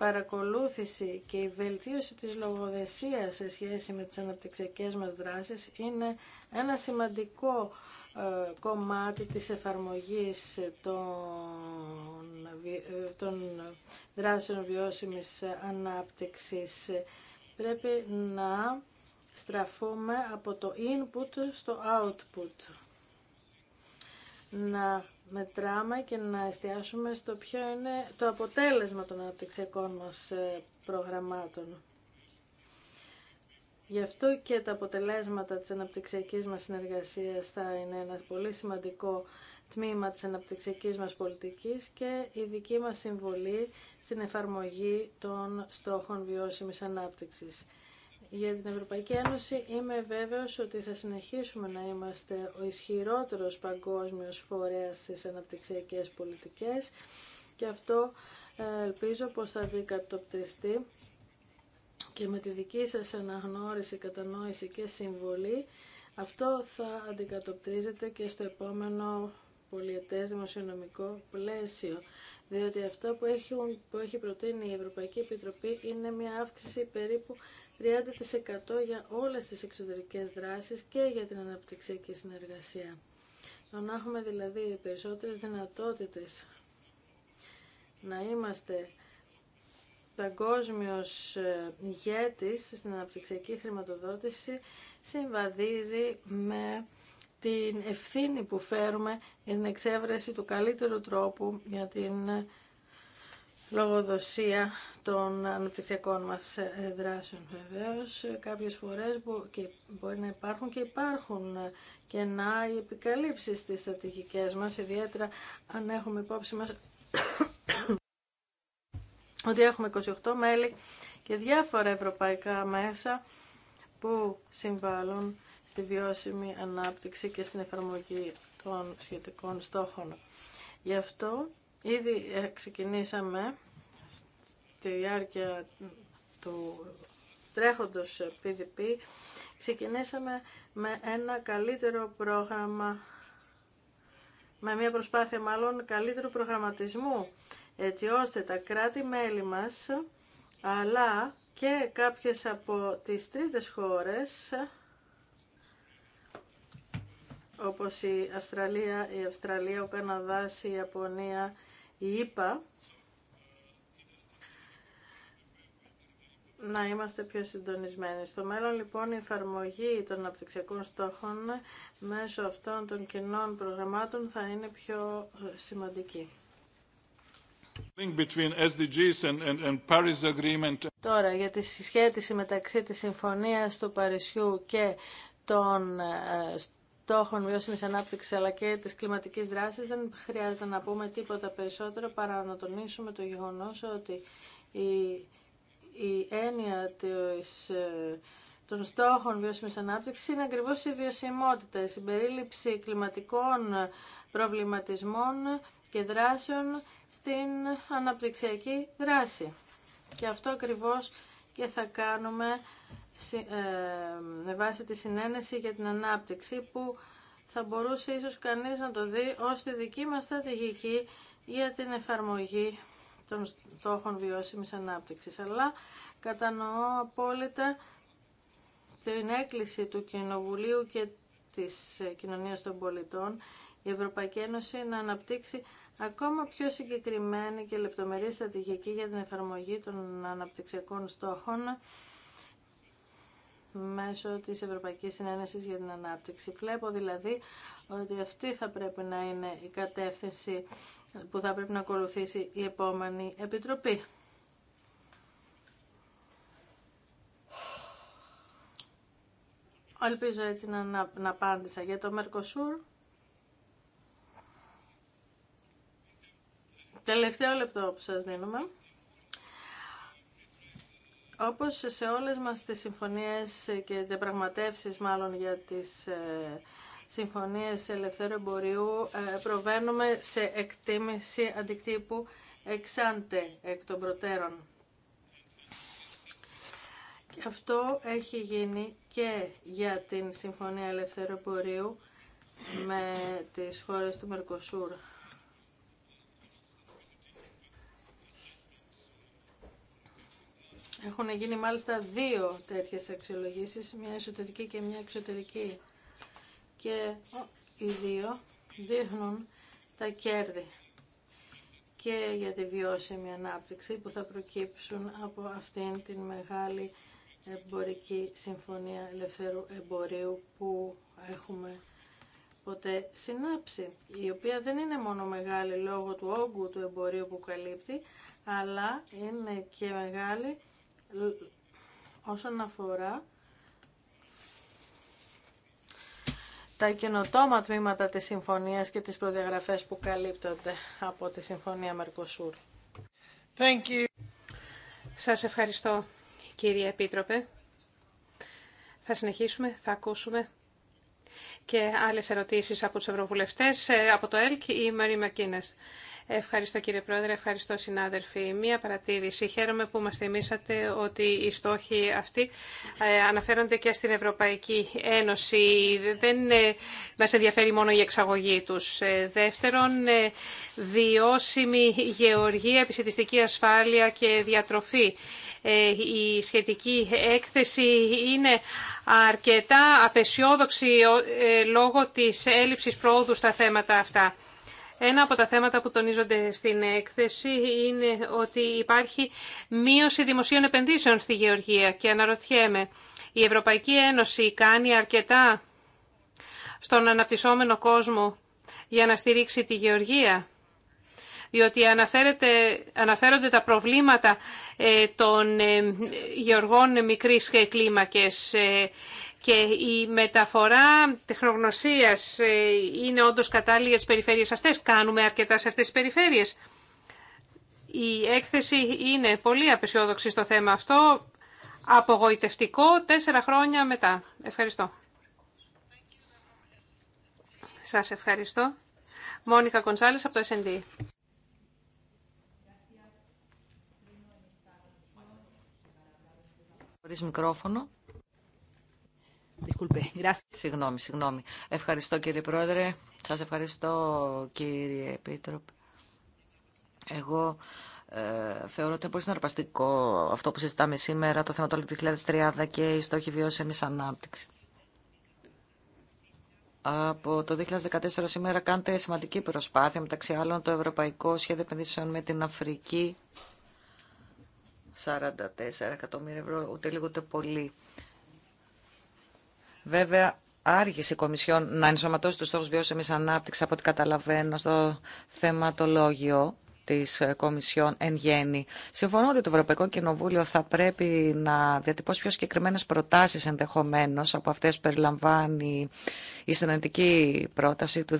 [SPEAKER 3] παρακολούθηση και η βελτίωση της λογοδεσίας σε σχέση με τις αναπτυξιακές μας δράσεις είναι ένα σημαντικό ε, κομμάτι της εφαρμογής των, ε, των δράσεων βιώσιμης ανάπτυξης. Πρέπει να στραφούμε από το input στο output. Να μετράμε και να εστιάσουμε στο ποιο είναι το αποτέλεσμα των αναπτυξιακών μας ε, προγραμμάτων. Γι' αυτό και τα αποτελέσματα της αναπτυξιακής μας συνεργασίας θα είναι ένα πολύ σημαντικό τμήμα της αναπτυξιακής μας πολιτικής και η δική μας συμβολή στην εφαρμογή των στόχων βιώσιμης ανάπτυξης. Για την Ευρωπαϊκή Ένωση είμαι βέβαιος ότι θα συνεχίσουμε να είμαστε ο ισχυρότερος παγκόσμιος φορέας στις αναπτυξιακές πολιτικές και αυτό ε, ελπίζω πως θα αντικατοπτριστεί και με τη δική σας αναγνώριση, κατανόηση και συμβολή αυτό θα αντικατοπτρίζεται και στο επόμενο πολιετές δημοσιονομικό πλαίσιο. Διότι αυτό που έχει, που έχει προτείνει η Ευρωπαϊκή Επιτροπή είναι μια αύξηση περίπου 30% για όλες τις εξωτερικές δράσεις και για την αναπτυξιακή συνεργασία. Να έχουμε δηλαδή περισσότερες δυνατότητες να είμαστε παγκόσμιος ε, ηγέτης στην αναπτυξιακή χρηματοδότηση συμβαδίζει με την ευθύνη που φέρουμε για την εξέβρεση του καλύτερου τρόπου για την λογοδοσία των αναπτυξιακών μας ε, δράσεων βεβαίως. Κάποιες φορές και μπορεί να υπάρχουν και υπάρχουν και να οι επικαλύψεις στις στρατηγικές μας, ιδιαίτερα αν έχουμε υπόψη μας ότι έχουμε 28 μέλη και διάφορα ευρωπαϊκά μέσα που συμβάλλουν στη βιώσιμη ανάπτυξη και στην εφαρμογή των σχετικών στόχων. Γι' αυτό Ήδη ε, ξεκινήσαμε στη διάρκεια του τρέχοντος PDP, ξεκινήσαμε με ένα καλύτερο πρόγραμμα, με μια προσπάθεια μάλλον καλύτερου προγραμματισμού, έτσι ώστε τα κράτη-μέλη μας, αλλά και κάποιες από τις τρίτες χώρες, όπως η Αυστραλία, η Αυστραλία, ο Καναδάς, η Ιαπωνία, η να είμαστε πιο συντονισμένοι. Στο μέλλον λοιπόν η εφαρμογή των αναπτυξιακών στόχων μέσω αυτών των κοινών προγραμμάτων θα είναι πιο ε, σημαντική. Τώρα για τη συσχέτιση μεταξύ της Συμφωνίας του Παρισιού και των ε, στόχων βιώσιμη ανάπτυξη αλλά και τη κλιματική δράση, δεν χρειάζεται να πούμε τίποτα περισσότερο παρά να τονίσουμε το γεγονό ότι η, η έννοια ε, των στόχων βιώσιμη ανάπτυξης είναι ακριβώς η βιωσιμότητα, η συμπερίληψη κλιματικών προβληματισμών και δράσεων στην αναπτυξιακή δράση. Και αυτό ακριβώς και θα κάνουμε ε, με βάση τη συνένεση για την ανάπτυξη που θα μπορούσε ίσως κανείς να το δει ως τη δική μας στρατηγική για την εφαρμογή των στόχων βιώσιμης ανάπτυξης. Αλλά κατανοώ απόλυτα την έκκληση του Κοινοβουλίου και της κοινωνίας των πολιτών η Ευρωπαϊκή Ένωση να αναπτύξει ακόμα πιο συγκεκριμένη και λεπτομερή στρατηγική για την εφαρμογή των αναπτυξιακών στόχων μέσω της Ευρωπαϊκής Συνένεσης για την Ανάπτυξη. Βλέπω δηλαδή ότι αυτή θα πρέπει να είναι η κατεύθυνση που θα πρέπει να ακολουθήσει η επόμενη Επιτροπή. Ελπίζω έτσι να, να, απάντησα για το Μερκοσούρ. Τελευταίο λεπτό που σας δίνουμε. Όπως σε όλες μας τις συμφωνίες και τις διαπραγματεύσεις μάλλον για τις ε, συμφωνίες ελευθέρου εμπορίου ε, προβαίνουμε σε εκτίμηση αντικτύπου εξάντε εκ των προτέρων. αυτό έχει γίνει και για την Συμφωνία εμπορίου με τις χώρες του Μερκοσούρ. Έχουν γίνει μάλιστα δύο τέτοιες αξιολογήσεις, μια εσωτερική και μια εξωτερική. Και οι δύο δείχνουν τα κέρδη και για τη βιώσιμη ανάπτυξη που θα προκύψουν από αυτήν την μεγάλη εμπορική συμφωνία ελευθερού εμπορίου που έχουμε ποτέ συνάψει, η οποία δεν είναι μόνο μεγάλη λόγω του όγκου του εμπορίου που καλύπτει, αλλά είναι και μεγάλη όσον αφορά τα καινοτόμα τμήματα της συμφωνίας και τις προδιαγραφές που καλύπτονται από τη Συμφωνία Μερκοσούρ. Thank
[SPEAKER 1] you. Σας ευχαριστώ κύριε Επίτροπε. Θα συνεχίσουμε, θα ακούσουμε και άλλες ερωτήσεις από τους Ευρωβουλευτές, ε, από το ΕΛΚ ή η Μαρή Μακίνες. Ευχαριστώ κύριε Πρόεδρε, ευχαριστώ συνάδελφοι. Μία παρατήρηση. Χαίρομαι που μας θυμήσατε ότι οι στόχοι αυτοί ε, αναφέρονται και στην Ευρωπαϊκή Ένωση. Δεν ε, μας ενδιαφέρει μόνο η εξαγωγή τους. Ε, δεύτερον, βιώσιμη γεωργία, επιστημιστική ασφάλεια και διατροφή. Η σχετική έκθεση είναι αρκετά απεσιόδοξη λόγω της έλλειψης πρόοδου στα θέματα αυτά. Ένα από τα θέματα που τονίζονται στην έκθεση είναι ότι υπάρχει μείωση δημοσίων επενδύσεων στη Γεωργία και αναρωτιέμαι, η Ευρωπαϊκή Ένωση κάνει αρκετά στον αναπτυσσόμενο κόσμο για να στηρίξει τη Γεωργία διότι αναφέρονται τα προβλήματα ε, των ε, γεωργών μικρής κλίμακες ε, και η μεταφορά τεχνογνωσίας ε, είναι όντως κατάλληλη για τις περιφέρειες αυτές. Κάνουμε αρκετά σε αυτές τις περιφέρειες. Η έκθεση είναι πολύ απεσιόδοξη στο θέμα αυτό. Απογοητευτικό τέσσερα χρόνια μετά. Ευχαριστώ. Σας ευχαριστώ. Μόνικα Κονσάλης από το S&D.
[SPEAKER 2] μικρόφωνο. Συγγνώμη, συγγνώμη. Ευχαριστώ κύριε Πρόεδρε. Σας ευχαριστώ κύριε Επίτροπε. Εγώ ε, θεωρώ ότι είναι πολύ συναρπαστικό αυτό που συζητάμε σήμερα, το θέμα του 2030 και η στόχη βιώσιμη ανάπτυξη. Από το 2014 σήμερα κάνετε σημαντική προσπάθεια, μεταξύ άλλων το Ευρωπαϊκό Σχέδιο Επενδύσεων με την Αφρική, 44 εκατομμύρια ευρώ, ούτε λίγο ούτε πολύ. Βέβαια, άργησε η Κομισιόν να ενσωματώσει τους στόχου βιώσιμη ανάπτυξη από ό,τι καταλαβαίνω στο θεματολόγιο τη ε, Κομισιόν εν γέννη. Συμφωνώ ότι το Ευρωπαϊκό Κοινοβούλιο θα πρέπει να διατυπώσει πιο συγκεκριμένε προτάσει ενδεχομένω από αυτέ που περιλαμβάνει η συναντική πρόταση του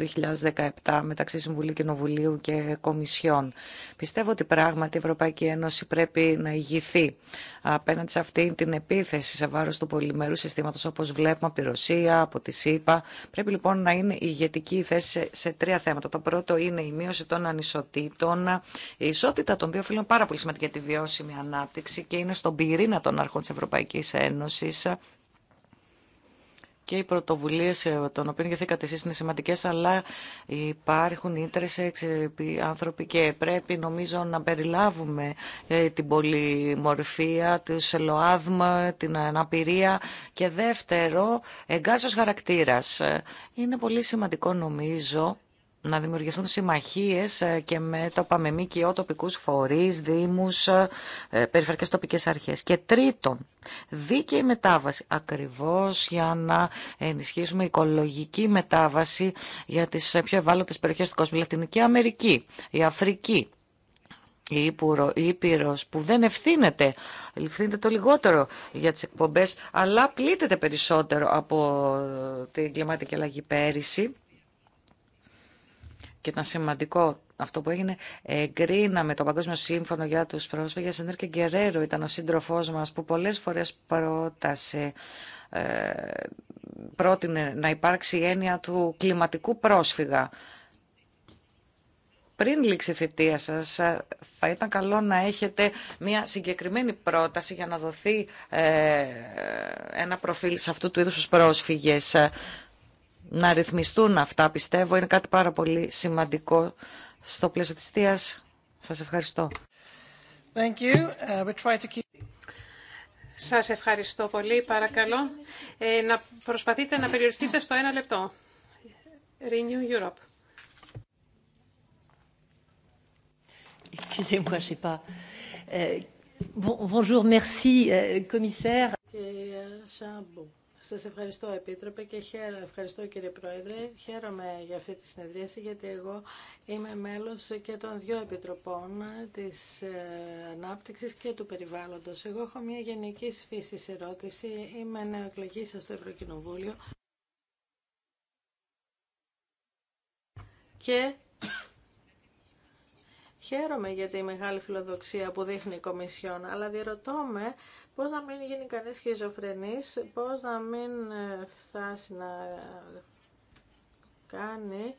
[SPEAKER 2] 2017 μεταξύ Συμβουλίου Κοινοβουλίου και Κομισιόν. Πιστεύω ότι πράγματι η Ευρωπαϊκή Ένωση πρέπει να ηγηθεί απέναντι σε αυτή την επίθεση σε βάρο του πολυμερού συστήματο, όπω βλέπουμε από τη Ρωσία, από τη ΣΥΠΑ. Πρέπει λοιπόν να είναι ηγετική η θέση σε τρία θέματα. Το πρώτο είναι η μείωση των ανισοτήτων η ισότητα των δύο φίλων πάρα πολύ σημαντική για τη βιώσιμη ανάπτυξη και είναι στον πυρήνα των αρχών της Ευρωπαϊκής Ένωσης και οι πρωτοβουλίε ε, των οποίων γεθήκατε εσεί είναι σημαντικέ, αλλά υπάρχουν οι ε, άνθρωποι και πρέπει νομίζω να περιλάβουμε ε, την πολυμορφία, του σελοάδμα, την αναπηρία και δεύτερο, εγκάσιο χαρακτήρα. Είναι πολύ σημαντικό νομίζω να δημιουργηθούν συμμαχίες ε, και μέτωπα με ΜΚΟ, τοπικούς φορείς, δήμους, ε, ε, περιφερειακές τοπικές αρχές. Και τρίτον, δίκαιη μετάβαση, ακριβώς για να ενισχύσουμε οικολογική μετάβαση για τις πιο ευάλωτες περιοχές του κόσμου, η Λατινική Αμερική, η Αφρική. Η, Ήπουρο, που δεν ευθύνεται, ευθύνεται το λιγότερο για τις εκπομπές, αλλά πλήττεται περισσότερο από την κλιματική αλλαγή πέρυσι και ήταν σημαντικό αυτό που έγινε, εγκρίναμε το Παγκόσμιο Σύμφωνο για τους πρόσφυγες. ενέργεια και Γκερέρο ήταν ο σύντροφό μας που πολλές φορές πρότασε, ε, πρότεινε να υπάρξει η έννοια του κλιματικού πρόσφυγα. Πριν λήξει η θητεία σας, ε, θα ήταν καλό να έχετε μια συγκεκριμένη πρόταση για να δοθεί ε, ένα προφίλ σε αυτού του είδους τους πρόσφυγες να ρυθμιστούν αυτά, πιστεύω, είναι κάτι πάρα πολύ σημαντικό στο πλαίσιο της θείας. Σας ευχαριστώ.
[SPEAKER 1] Thank you. Uh, we try to keep... Σας ευχαριστώ πολύ. Παρακαλώ ε, να προσπαθείτε να περιοριστείτε στο ένα λεπτό. Renew Europe.
[SPEAKER 3] Excusez-moi, je sais pas.
[SPEAKER 2] Euh, bon, bonjour, merci, euh, commissaire.
[SPEAKER 3] Ε, okay, uh, σας ευχαριστώ Επίτροπε και ευχαριστώ κύριε Πρόεδρε. Χαίρομαι για αυτή τη συνεδρίαση γιατί εγώ είμαι μέλος και των δύο επιτροπών της ε, ανάπτυξης και του περιβάλλοντος. Εγώ έχω μια γενική φύση ερώτηση. Είμαι νεοεκλογή σας στο Ευρωκοινοβούλιο. Και Χαίρομαι για τη μεγάλη φιλοδοξία που δείχνει η Κομισιόν, αλλά διαρωτώ με πώς να μην γίνει κανείς χιζοφρενής, πώς να μην ε, φτάσει να κάνει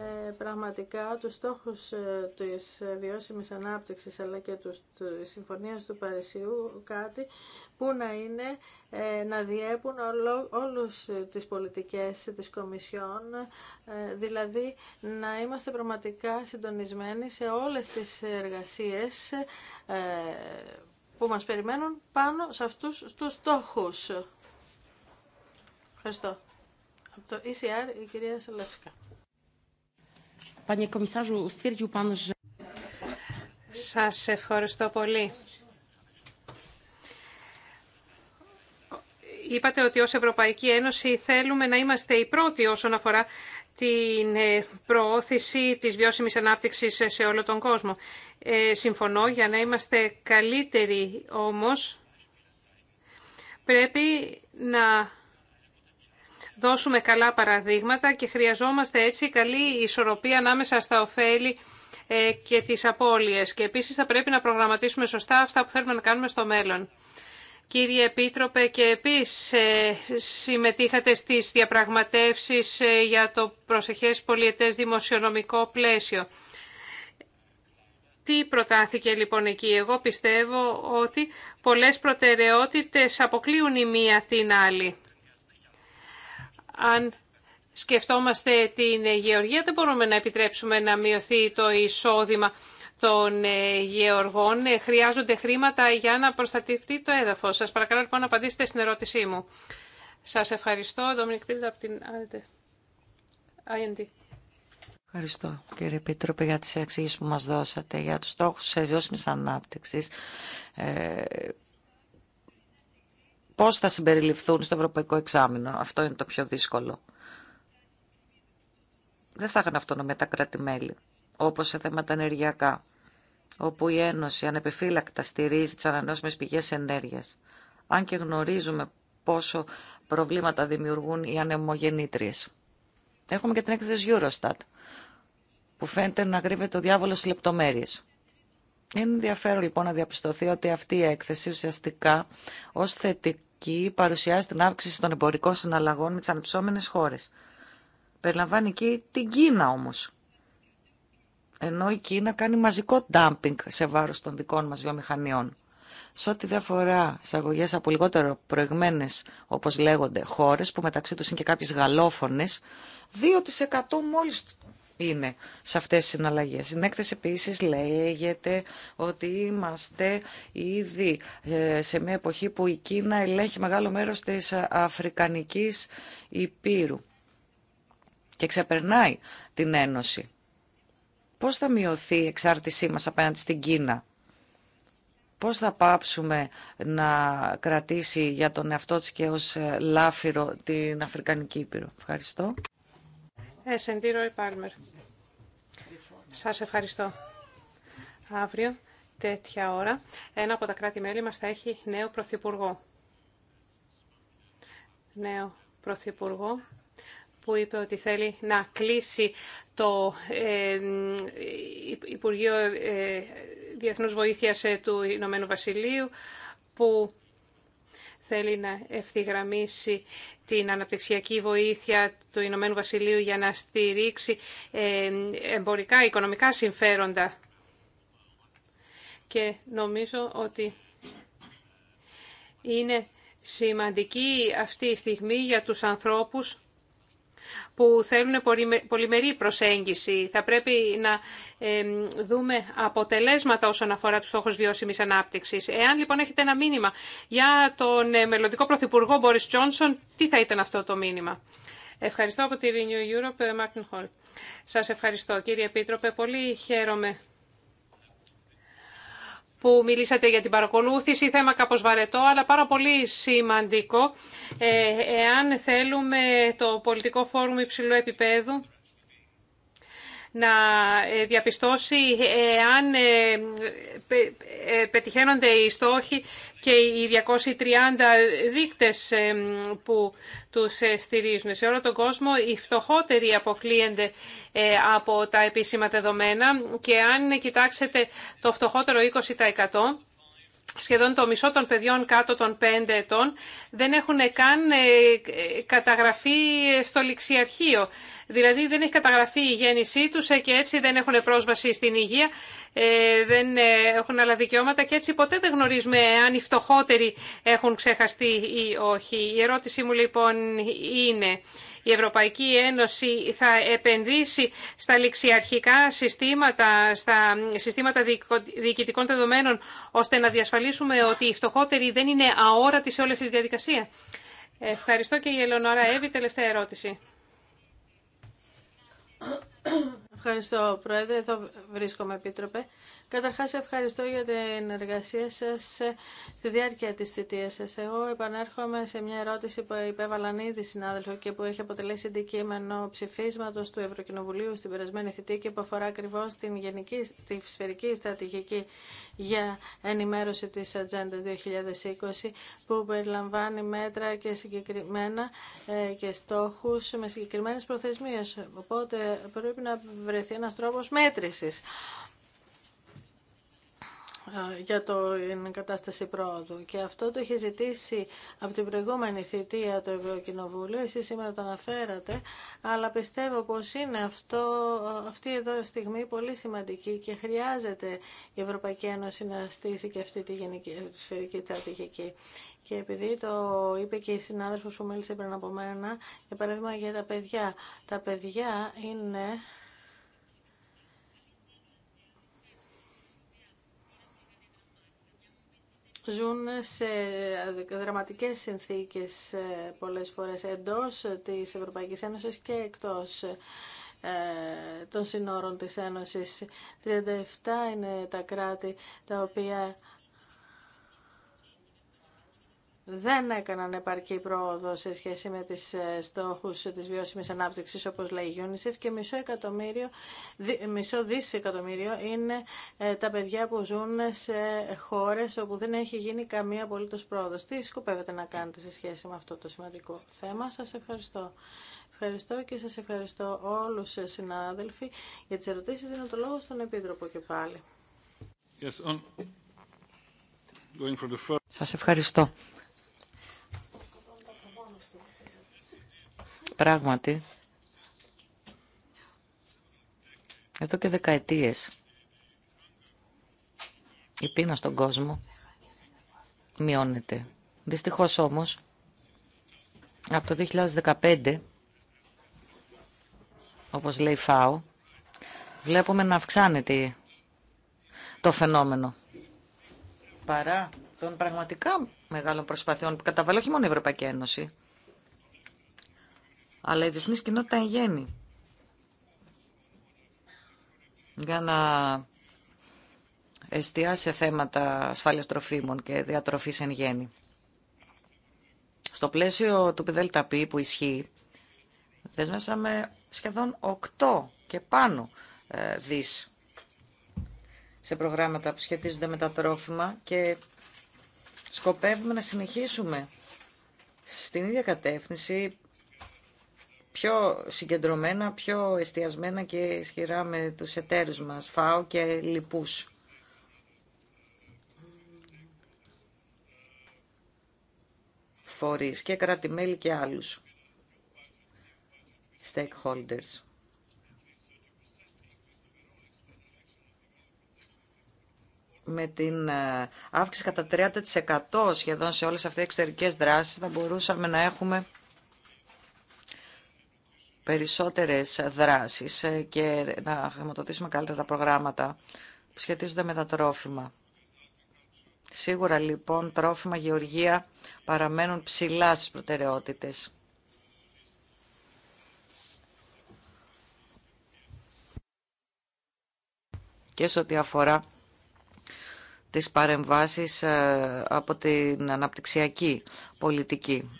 [SPEAKER 3] ε, πραγματικά τους στόχους ε, της βιώσιμης ανάπτυξης αλλά και τους, της Συμφωνίας του Παρισιού κάτι που να είναι ε, να διέπουν όλους τις πολιτικές της Κομισιόν δηλαδή να είμαστε πραγματικά συντονισμένοι σε όλες τις εργασίες που μας περιμένουν πάνω σε αυτούς τους στόχους. Ευχαριστώ. Από το ECR η κυρία Σελεύσκα.
[SPEAKER 1] Panie komisarzu, stwierdził pan, że... Σας ευχαριστώ πολύ. Είπατε ότι ως Ευρωπαϊκή Ένωση θέλουμε να είμαστε οι πρώτοι όσον αφορά την ε, προώθηση της βιώσιμης ανάπτυξης σε όλο τον κόσμο. Ε, συμφωνώ, για να είμαστε καλύτεροι όμως πρέπει να δώσουμε καλά παραδείγματα και χρειαζόμαστε έτσι καλή ισορροπία ανάμεσα στα ωφέλη ε, και τις απώλειες. Και επίσης θα πρέπει να προγραμματίσουμε σωστά αυτά που θέλουμε να κάνουμε στο μέλλον. Κύριε Επίτροπε, και επίσης ε, συμμετείχατε στις διαπραγματεύσεις ε, για το προσεχές πολιετές δημοσιονομικό πλαίσιο. Τι προτάθηκε λοιπόν εκεί. Εγώ πιστεύω ότι πολλές προτεραιότητες αποκλείουν η μία την άλλη. Αν σκεφτόμαστε την γεωργία, δεν μπορούμε να επιτρέψουμε να μειωθεί το εισόδημα των ε, γεωργών. Ε, χρειάζονται χρήματα για να προστατευτεί το έδαφος. Σας παρακαλώ λοιπόν να απαντήσετε στην ερώτησή μου. Σας ευχαριστώ. Δόμινικ Πίλτα από την IND.
[SPEAKER 2] Ευχαριστώ κύριε Επίτροπε για τις εξηγήσεις που μας δώσατε για τους στόχους της ευγιώσιμης ανάπτυξης. Ε, πώς θα συμπεριληφθούν στο ευρωπαϊκό εξάμεινο. Αυτό είναι το πιο δύσκολο. Δεν θα είχαν αυτονομία τα κράτη-μέλη, όπως σε θέματα ενεργειακά, όπου η Ένωση ανεπιφύλακτα στηρίζει τις ανανεώσιμες πηγές ενέργειας. Αν και γνωρίζουμε πόσο προβλήματα δημιουργούν οι ανεμογεννήτριες. Έχουμε και την έκθεση Eurostat, που φαίνεται να κρύβεται ο διάβολος στις λεπτομέρειες. Είναι ενδιαφέρον λοιπόν να διαπιστωθεί ότι αυτή η έκθεση ουσιαστικά ως θετικό παρουσιάζει την αύξηση των εμπορικών συναλλαγών με τι ανεψόμενε χώρες. Περιλαμβάνει και την Κίνα όμως. Ενώ η Κίνα κάνει μαζικό dumping σε βάρος των δικών μα βιομηχανιών. Σε ό,τι διαφορά εισαγωγέ από λιγότερο προηγμένε, όπως λέγονται, χώρες, που μεταξύ τους είναι και κάποιε γαλλόφωνε. 2% μόλις είναι σε αυτές τις συναλλαγές. Στην έκθεση επίση λέγεται ότι είμαστε ήδη ε, σε μια εποχή που η Κίνα ελέγχει μεγάλο μέρος της Αφρικανικής Υπήρου και ξεπερνάει την Ένωση. Πώς θα μειωθεί η εξάρτησή μας απέναντι στην Κίνα πώς θα πάψουμε να κρατήσει για τον εαυτό της και ως ε, λάφυρο την Αφρικανική Υπήρου. Ευχαριστώ.
[SPEAKER 1] S&D Roy Palmer. Σας ευχαριστώ. Αύριο, τέτοια ώρα, ένα από τα κράτη-μέλη μας θα έχει νέο πρωθυπουργό. Νέο πρωθυπουργό που είπε ότι θέλει να κλείσει το ε, Υπουργείο ε, Διεθνούς Βοήθειας ε, του Ηνωμένου Βασιλείου, που θέλει να ευθυγραμμίσει την αναπτυξιακή βοήθεια του Ηνωμένου Βασιλείου για να στηρίξει ε, εμπορικά, οικονομικά συμφέροντα. Και νομίζω ότι είναι σημαντική αυτή η στιγμή για τους ανθρώπους που θέλουν πολυμερή προσέγγιση. Θα πρέπει να δούμε αποτελέσματα όσον αφορά τους στόχους βιώσιμης ανάπτυξης. Εάν λοιπόν έχετε ένα μήνυμα για τον ε, μελλοντικό πρωθυπουργό Μπόρις Τζόνσον, τι θα ήταν αυτό το μήνυμα. Ευχαριστώ από τη Renew Europe, ε, Μάρτιν Χολ. Σας ευχαριστώ κύριε Επίτροπε, πολύ χαίρομαι που μιλήσατε για την παρακολούθηση, θέμα κάπως βαρετό, αλλά πάρα πολύ σημαντικό, ε, εάν θέλουμε το πολιτικό φόρουμ υψηλού επίπεδου να ε, διαπιστώσει ε, εάν ε, πετυχαίνονται οι στόχοι και οι 230 δείκτες που τους στηρίζουν. Σε όλο τον κόσμο οι φτωχότεροι αποκλείονται από τα επίσημα δεδομένα και αν κοιτάξετε το φτωχότερο 20%, σχεδόν το μισό των παιδιών κάτω των 5 ετών δεν έχουν καν ε, καταγραφεί στο ληξιαρχείο. Δηλαδή δεν έχει καταγραφεί η γέννησή τους ε, και έτσι δεν έχουν πρόσβαση στην υγεία, ε, δεν έχουν άλλα δικαιώματα και έτσι ποτέ δεν γνωρίζουμε αν οι φτωχότεροι έχουν ξεχαστεί ή όχι. Η ερώτησή μου λοιπόν είναι... Η Ευρωπαϊκή Ένωση θα επενδύσει στα ληξιαρχικά συστήματα, στα συστήματα διοικητικών δεδομένων, ώστε να διασφαλίσουμε ότι οι φτωχότεροι δεν είναι αόρατοι σε όλη αυτή τη διαδικασία. Ευχαριστώ και η Ελεονόρα Εύη. Τελευταία ερώτηση.
[SPEAKER 3] Ευχαριστώ, Πρόεδρε. Εδώ βρίσκομαι, Επίτροπε. Καταρχάς, ευχαριστώ για την εργασία σας στη διάρκεια της θητείας σας. Εγώ επανέρχομαι σε μια ερώτηση που υπέβαλαν ήδη συνάδελφο και που έχει αποτελέσει αντικείμενο ψηφίσματος του Ευρωκοινοβουλίου στην περασμένη θητεία και που αφορά ακριβώς την γενική, τη σφαιρική στρατηγική για ενημέρωση της Ατζέντα 2020 που περιλαμβάνει μέτρα και συγκεκριμένα ε, και στόχους με συγκεκριμένες προθεσμίες. Οπότε πρέπει να βρεθεί ένας τρόπος μέτρησης ε, για την κατάσταση πρόοδου. Και αυτό το είχε ζητήσει από την προηγούμενη θητεία το Ευρωκοινοβούλιο. Εσείς σήμερα το αναφέρατε, αλλά πιστεύω πως είναι αυτή εδώ στιγμή πολύ σημαντική και χρειάζεται η Ευρωπαϊκή Ένωση να στήσει και αυτή τη γενική σφαιρική στρατηγική. Και επειδή το είπε και η συνάδελφος που μίλησε πριν από μένα, για παράδειγμα για τα παιδιά. Τα παιδιά είναι ζουν σε δραματικές συνθήκες ε, πολλές φορές εντός της Ευρωπαϊκής Ένωσης και εκτός ε, των συνόρων της Ένωσης. 37 είναι τα κράτη τα οποία δεν έκαναν επαρκή πρόοδο σε σχέση με τις ε, στόχους της βιώσιμης ανάπτυξης όπως λέει η UNICEF και μισό, εκατομμύριο, μισό δισεκατομμύριο είναι ε, τα παιδιά που ζουν σε χώρες όπου δεν έχει γίνει καμία απολύτως πρόοδο. Τι σκοπεύετε να κάνετε σε σχέση με αυτό το σημαντικό θέμα. Σας ευχαριστώ. Ευχαριστώ και σας ευχαριστώ όλους συνάδελφοι για τις ερωτήσεις. Δίνω το λόγο στον Επίτροπο και πάλι. Yes, on... Σας
[SPEAKER 2] ευχαριστώ. Πράγματι, εδώ και δεκαετίες η πείνα στον κόσμο μειώνεται. Δυστυχώς όμως, από το 2015, όπως λέει ΦΑΟ, βλέπουμε να αυξάνεται το φαινόμενο. Παρά των πραγματικά μεγάλων προσπαθειών που καταβαλώ όχι μόνο η Ευρωπαϊκή Ένωση, αλλά η διεθνής κοινότητα εν γέννη. Για να εστιάσει σε θέματα ασφάλειας τροφίμων και διατροφής εν γέννη. Στο πλαίσιο του ΠΔΕΛΤΑΠΗ που ισχύει, δεσμεύσαμε σχεδόν 8 και πάνω ε, δις σε προγράμματα που σχετίζονται με τα τρόφιμα και σκοπεύουμε να συνεχίσουμε στην ίδια κατεύθυνση πιο συγκεντρωμένα, πιο εστιασμένα και ισχυρά με τους εταίρους μας, ΦΑΟ και λοιπούς. Φορείς και κρατημέλη και άλλους stakeholders. με την ε, αύξηση κατά 30% σχεδόν σε όλες αυτές τις εξωτερικές δράσεις θα μπορούσαμε να έχουμε περισσότερες δράσεις ε, και να χρηματοδοτήσουμε καλύτερα τα προγράμματα που σχετίζονται με τα τρόφιμα. Σίγουρα λοιπόν τρόφιμα γεωργία παραμένουν ψηλά στις προτεραιότητες. Και σε ό,τι αφορά τις παρεμβάσεις ε, από την αναπτυξιακή πολιτική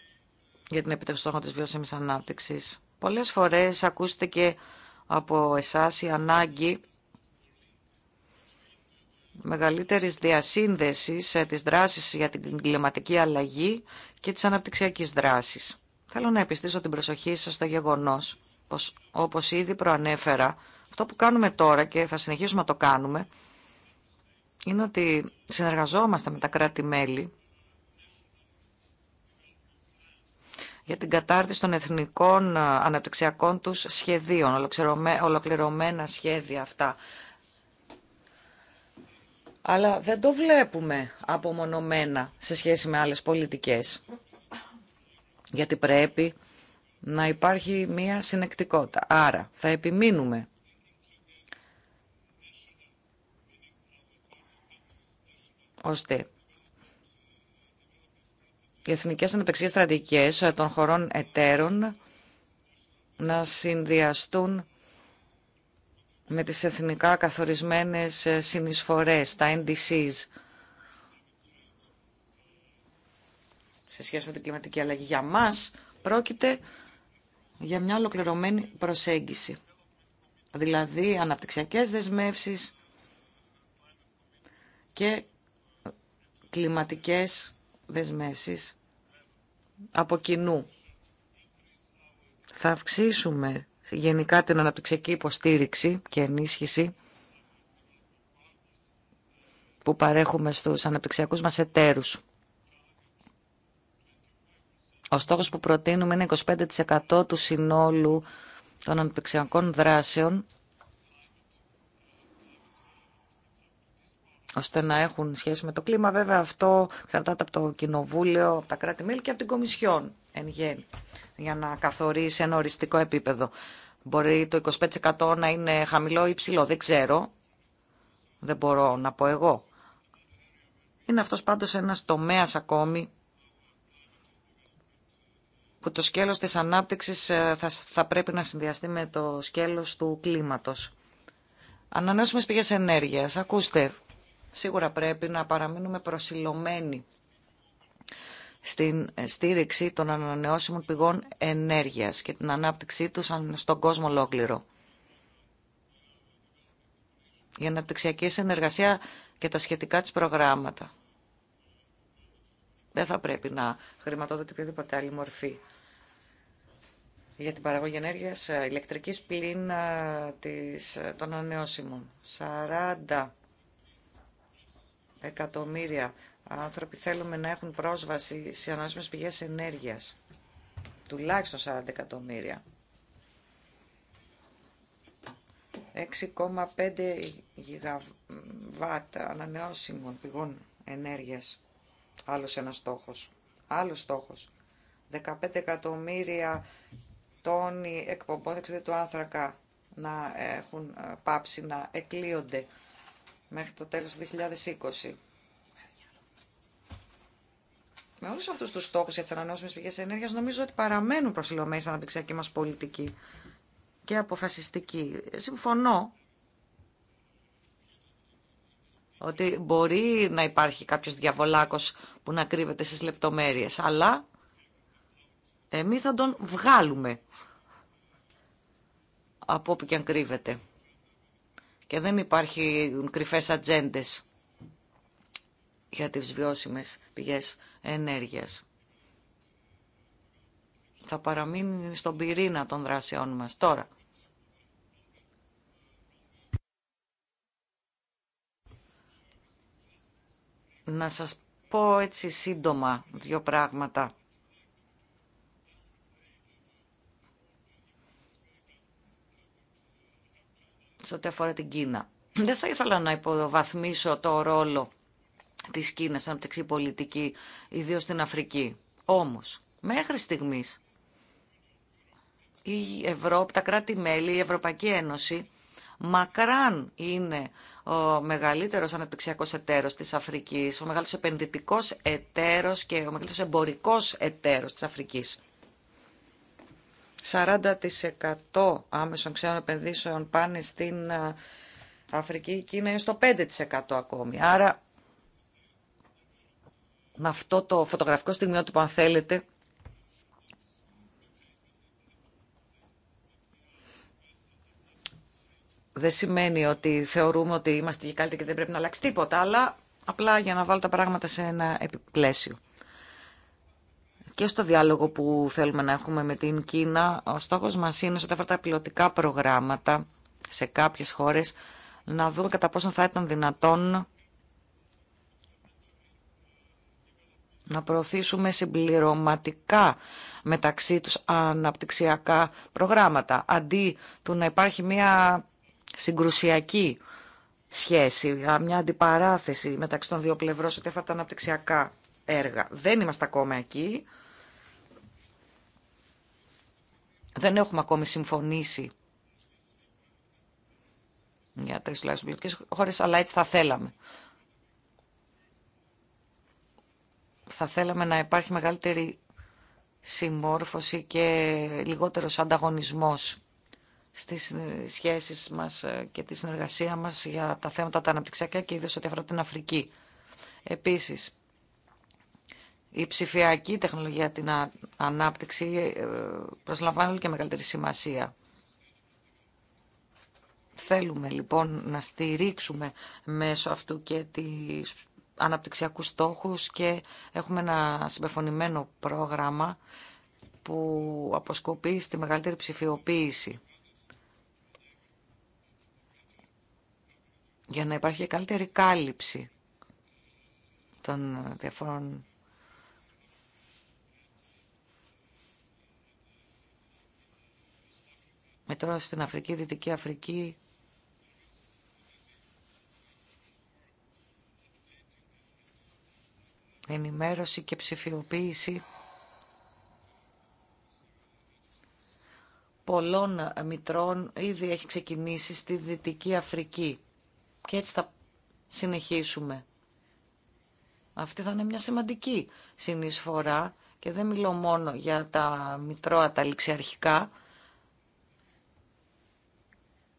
[SPEAKER 2] για την επιτευχή στόχων της βιώσιμης ανάπτυξης. Πολλές φορές ακούστε και από εσάς η ανάγκη μεγαλύτερης διασύνδεσης ε, της δράσης για την κλιματική αλλαγή και της αναπτυξιακής δράσης. Θέλω να επιστήσω την προσοχή σας στο γεγονός πως όπως ήδη προανέφερα, αυτό που κάνουμε τώρα και θα συνεχίσουμε να το κάνουμε, είναι ότι συνεργαζόμαστε με τα κράτη-μέλη για την κατάρτιση των εθνικών ε, αναπτυξιακών τους σχεδίων, ολοκληρωμένα σχέδια αυτά. Αλλά δεν το βλέπουμε απομονωμένα σε σχέση με άλλες πολιτικές. Γιατί πρέπει να υπάρχει μία συνεκτικότητα. Άρα θα επιμείνουμε ώστε οι εθνικές ανεπεξίες στρατηγικές των χωρών εταίρων να συνδυαστούν με τις εθνικά καθορισμένες συνεισφορές, τα NDCs, σε σχέση με την κλιματική αλλαγή. Για μας πρόκειται για μια ολοκληρωμένη προσέγγιση. Δηλαδή αναπτυξιακές δεσμεύσεις και κλιματικές δεσμεύσεις από κοινού. Θα αυξήσουμε γενικά την αναπτυξιακή υποστήριξη και ενίσχυση που παρέχουμε στους αναπτυξιακούς μας εταίρους. Ο στόχος που προτείνουμε είναι 25% του συνόλου των αναπτυξιακών δράσεων ώστε να έχουν σχέση με το κλίμα. Βέβαια αυτό εξαρτάται από το Κοινοβούλιο, από τα κράτη-μέλη και από την Κομισιόν εν γέννη, για να καθορίσει ένα οριστικό επίπεδο. Μπορεί το 25% να είναι χαμηλό ή ψηλό, δεν ξέρω, δεν μπορώ να πω εγώ. Είναι αυτός πάντως ένας τομέας ακόμη που το σκέλος της ανάπτυξης ε, θα, θα πρέπει να συνδυαστεί με το σκέλος του κλίματος. Ανανεώσιμες πηγές ενέργειας. Ακούστε, Σίγουρα πρέπει να παραμείνουμε προσιλωμένοι στην στήριξη των ανανεώσιμων πηγών ενέργειας και την ανάπτυξή τους στον κόσμο ολόκληρο. Η αναπτυξιακή συνεργασία και τα σχετικά της προγράμματα. Δεν θα πρέπει να χρηματοδοτεί οποιαδήποτε άλλη μορφή για την παραγωγή ενέργειας ε, ηλεκτρικής πλήν ε, ε, των ανανεώσιμων. 40 εκατομμύρια άνθρωποι θέλουμε να έχουν πρόσβαση σε ανανεώσιμες πηγές ενέργειας. Τουλάχιστον 40 εκατομμύρια. 6,5 γιγαβάτ ανανεώσιμων πηγών ενέργειας. Άλλος ένας στόχος. Άλλος στόχος. 15 εκατομμύρια τόνοι εκπομπών του άνθρακα να έχουν ε, πάψει να εκλείονται μέχρι το τέλος του 2020. Με όλους αυτούς τους στόχους για τις ανανεώσιμες πηγές ενέργειας νομίζω ότι παραμένουν προσιλωμένοι στην αναπτυξιακή μας πολιτική και αποφασιστική. Συμφωνώ ότι μπορεί να υπάρχει κάποιος διαβολάκος που να κρύβεται στις λεπτομέρειες, αλλά εμείς θα τον βγάλουμε από όπου και αν κρύβεται και δεν υπάρχει κρυφές ατζέντε για τις βιώσιμες πηγές ενέργειας. Θα παραμείνει στον πυρήνα των δράσεών μας τώρα. Να σας πω έτσι σύντομα δύο πράγματα σε ό,τι αφορά την Κίνα. Δεν θα ήθελα να υποβαθμίσω το ρόλο της Κίνας στην αναπτυξή πολιτική, ιδίως στην Αφρική. Όμως, μέχρι στιγμής, η Ευρώπη, τα κράτη-μέλη, η Ευρωπαϊκή Ένωση, μακράν είναι ο μεγαλύτερος αναπτυξιακός εταίρος της Αφρικής, ο μεγαλύτερος επενδυτικός εταίρος και ο μεγαλύτερος εμπορικός εταίρος της Αφρικής. 40% άμεσων ξένων επενδύσεων πάνε στην ε, Αφρική, η Κίνα είναι στο 5% ακόμη. Άρα με αυτό το φωτογραφικό στιγμιότυπο αν θέλετε δεν σημαίνει ότι θεωρούμε ότι είμαστε και καλύτεροι και δεν πρέπει να αλλάξει τίποτα, αλλά απλά για να βάλω τα πράγματα σε ένα επιπλαίσιο και στο διάλογο που θέλουμε να έχουμε με την Κίνα, ο στόχος μας είναι σε αυτά τα πιλωτικά προγράμματα σε κάποιες χώρες να δούμε κατά πόσο θα ήταν δυνατόν να προωθήσουμε συμπληρωματικά μεταξύ τους αναπτυξιακά προγράμματα, αντί του να υπάρχει μια συγκρουσιακή σχέση, μια αντιπαράθεση μεταξύ των δύο πλευρών σε αυτά τα αναπτυξιακά έργα. Δεν είμαστε ακόμα εκεί. Δεν έχουμε ακόμη συμφωνήσει για τρεις τουλάχιστον πολιτικές χώρες, αλλά έτσι θα θέλαμε. Θα θέλαμε να υπάρχει μεγαλύτερη συμμόρφωση και λιγότερος ανταγωνισμός στις σχέσεις μας και τη συνεργασία μας για τα θέματα τα αναπτυξιακά και ιδίως ό,τι αφορά την Αφρική. Επίσης, η ψηφιακή τεχνολογία την ανάπτυξη ε, προσλαμβάνει όλο και μεγαλύτερη σημασία. Θέλουμε λοιπόν να στηρίξουμε μέσω αυτού και τις αναπτυξιακούς στόχους και έχουμε ένα συμπεφωνημένο πρόγραμμα που αποσκοπεί στη μεγαλύτερη ψηφιοποίηση. Για να υπάρχει καλύτερη κάλυψη των διαφορών στην Αφρική, Δυτική Αφρική. Ενημέρωση και ψηφιοποίηση πολλών μητρών ήδη έχει ξεκινήσει στη Δυτική Αφρική. Και έτσι θα συνεχίσουμε. Αυτή θα είναι μια σημαντική συνεισφορά και δεν μιλώ μόνο για τα μητρώα τα ληξιαρχικά,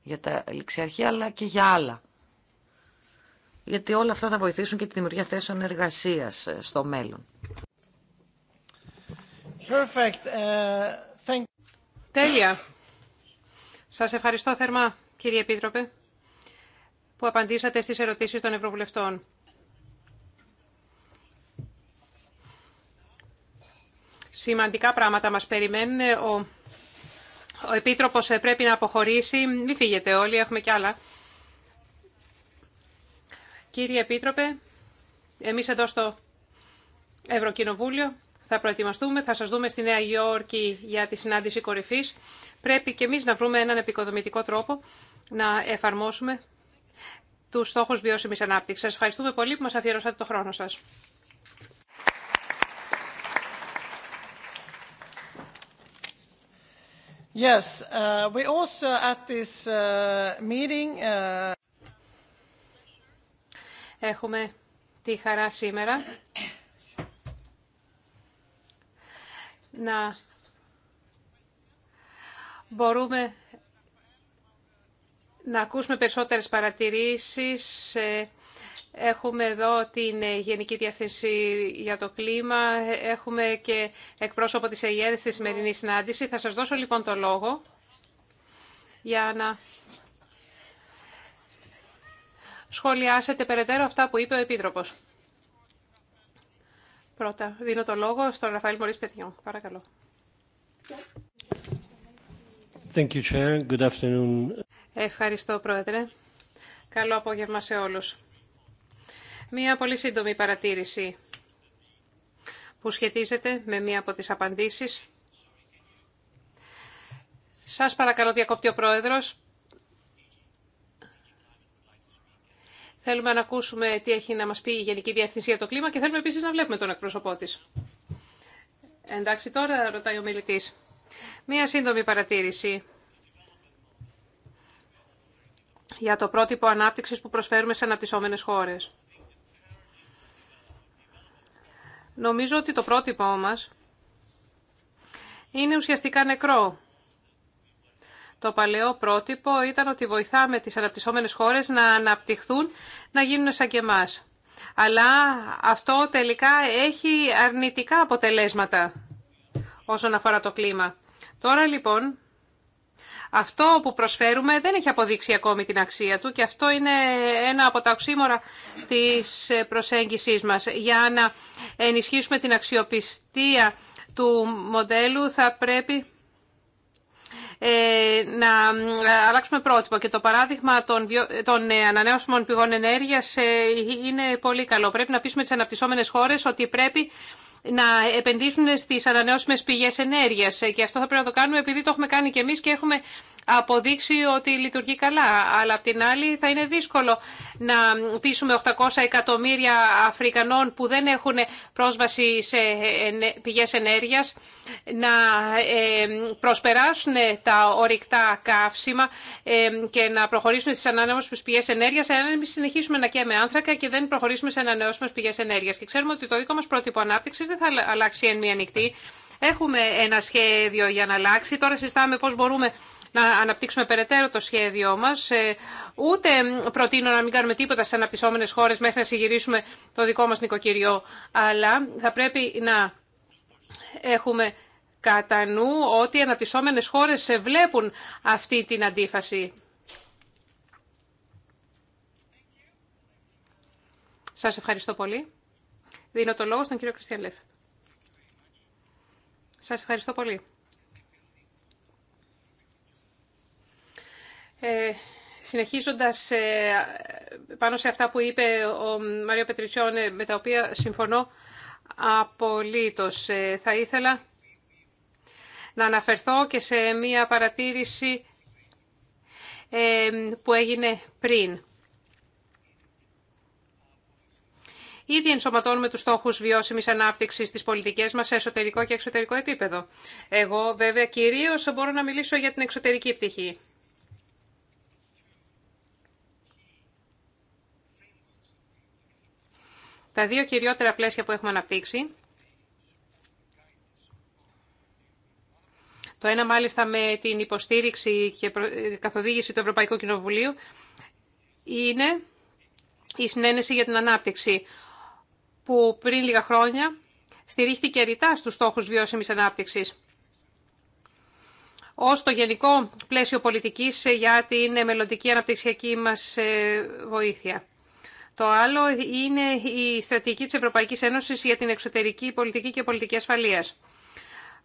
[SPEAKER 2] για τα ληξιαρχεία αλλά και για άλλα. Γιατί όλα αυτά θα βοηθήσουν και τη δημιουργία θέσεων εργασίας ε, στο μέλλον.
[SPEAKER 1] Perfect. Ε, Τέλεια. Σας ευχαριστώ θερμά, κύριε Επίτροπε, που απαντήσατε στις ερωτήσεις των Ευρωβουλευτών. Σημαντικά πράγματα μας περιμένουν. Ο ο Επίτροπος ε, πρέπει να αποχωρήσει. μη φύγετε όλοι, έχουμε κι άλλα. Κύριε Επίτροπε, εμείς εδώ στο Ευρωκοινοβούλιο θα προετοιμαστούμε, θα σας δούμε στη Νέα Υόρκη για τη συνάντηση κορυφής. Πρέπει και εμείς να βρούμε έναν επικοδομητικό τρόπο να εφαρμόσουμε τους στόχους βιώσιμης ανάπτυξης. Σας ευχαριστούμε πολύ που μας αφιερώσατε το χρόνο σας. Yes, uh, we also at this uh, meeting. Uh, Έχουμε τη χαρά σήμερα να μπορούμε να ακούσουμε περισσότερες παρατηρήσεις Έχουμε εδώ την ε, Γενική Διευθυνσή για το Κλίμα, έχουμε και εκπρόσωπο της ΕΙΕΔ στη σημερινή συνάντηση. Θα σας δώσω λοιπόν το λόγο για να σχολιάσετε περαιτέρω αυτά που είπε ο Επίτροπος. Πρώτα, δίνω το λόγο στον Ραφαήλ Μωρίς Πεθιόν. Παρακαλώ.
[SPEAKER 3] Thank you, Chair. Good afternoon.
[SPEAKER 1] Ευχαριστώ, Πρόεδρε. Καλό απόγευμα σε όλους. Μία πολύ σύντομη παρατήρηση που σχετίζεται με μία από τις απαντήσεις. Σας παρακαλώ, διακόπτει ο Πρόεδρος. Θέλουμε να ακούσουμε τι έχει να μας πει η Γενική Διευθυνσία για το κλίμα και θέλουμε επίσης να βλέπουμε τον εκπρόσωπό της. Εντάξει, τώρα ρωτάει ο μιλητής. Μία σύντομη παρατήρηση για το πρότυπο ανάπτυξης που προσφέρουμε σε αναπτυσσόμενες χώρες. Νομίζω ότι το πρότυπο μας είναι ουσιαστικά νεκρό. Το παλαιό πρότυπο ήταν ότι βοηθάμε τις αναπτυσσόμενες χώρες να αναπτυχθούν, να γίνουν σαν και εμάς. Αλλά αυτό τελικά έχει αρνητικά αποτελέσματα όσον αφορά το κλίμα. Τώρα λοιπόν αυτό που προσφέρουμε δεν έχει αποδείξει ακόμη την αξία του και αυτό είναι ένα από τα οξύμορα της προσέγγισής μας. Για να ενισχύσουμε την αξιοπιστία του μοντέλου θα πρέπει ε, να ε, αλλάξουμε πρότυπο. Και το παράδειγμα των, βιο... των ε, ανανεώσιμων πηγών ενέργειας είναι πολύ καλό. Πρέπει να πείσουμε τις αναπτυσσόμενες χώρες ότι πρέπει να επενδύσουν στις ανανεώσιμες πηγές ενέργειας. Και αυτό θα πρέπει να το κάνουμε επειδή το έχουμε κάνει και εμείς και έχουμε αποδείξει ότι λειτουργεί καλά. Αλλά απ' την άλλη θα είναι δύσκολο να πείσουμε 800 εκατομμύρια Αφρικανών που δεν έχουν πρόσβαση σε πηγές ενέργειας να ε, προσπεράσουν τα ορυκτά καύσιμα ε, και να προχωρήσουν στις ανανεώσιμες πηγές ενέργειας αν εμείς συνεχίσουμε να καίμε άνθρακα και δεν προχωρήσουμε σε ανανεώσιμες πηγές ενέργειας. Και ξέρουμε ότι το δικό μας πρότυπο ανάπτυξης δεν θα αλλάξει εν μία νυχτή. Έχουμε ένα σχέδιο για να αλλάξει. Τώρα συζητάμε πώς μπορούμε να αναπτύξουμε περαιτέρω το σχέδιό μας. Ε, ούτε προτείνω να μην κάνουμε τίποτα στι αναπτυσσόμενες χώρες μέχρι να συγυρίσουμε το δικό μας νοικοκυριό. Αλλά θα πρέπει να έχουμε κατά νου ότι οι αναπτυσσόμενες χώρες βλέπουν αυτή την αντίφαση. Σας ευχαριστώ πολύ. Δίνω το λόγο στον κύριο Κριστιαν Σας ευχαριστώ πολύ. Ε, συνεχίζοντας ε, πάνω σε αυτά που είπε ο Μάριο Πετριτσιόν, ε, με τα οποία συμφωνώ απολύτως, ε, θα ήθελα να αναφερθώ και σε μία παρατήρηση που έγινε πριν. Ήδη ενσωματώνουμε τους στόχους βιώσιμης ανάπτυξης στις πολιτικές μας σε εσωτερικό και εξωτερικό επίπεδο. Εγώ βέβαια κυρίως μπορώ να μιλήσω για την εξωτερική πτυχή. Τα δύο κυριότερα πλαίσια που έχουμε αναπτύξει, το ένα μάλιστα με την υποστήριξη και καθοδήγηση του Ευρωπαϊκού Κοινοβουλίου, είναι η συνένεση για την ανάπτυξη, που πριν λίγα χρόνια στηρίχθηκε ρητά στους στόχους βιώσιμης ανάπτυξης ως το γενικό πλαίσιο πολιτικής για την μελλοντική αναπτυξιακή μας ε, βοήθεια. Το άλλο είναι η στρατηγική της Ευρωπαϊκής Ένωσης για την εξωτερική πολιτική και πολιτική ασφαλείας.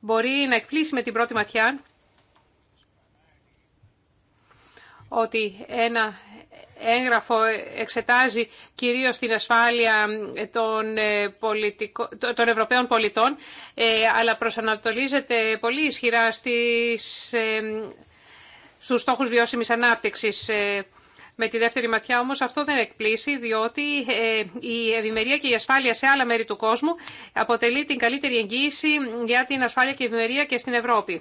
[SPEAKER 1] Μπορεί να εκπλήσει με την πρώτη ματιά ότι ένα έγγραφο εξετάζει κυρίως την ασφάλεια των, ε, πολιτικο... των Ευρωπαίων πολιτών, ε, αλλά προσανατολίζεται πολύ ισχυρά στις... Ε, στους στόχους βιώσιμης ανάπτυξης. Με τη δεύτερη ματιά όμω αυτό δεν εκπλήσει, διότι ε, η ευημερία και η ασφάλεια σε άλλα μέρη του κόσμου αποτελεί την καλύτερη εγγύηση για την ασφάλεια και ευημερία και στην Ευρώπη.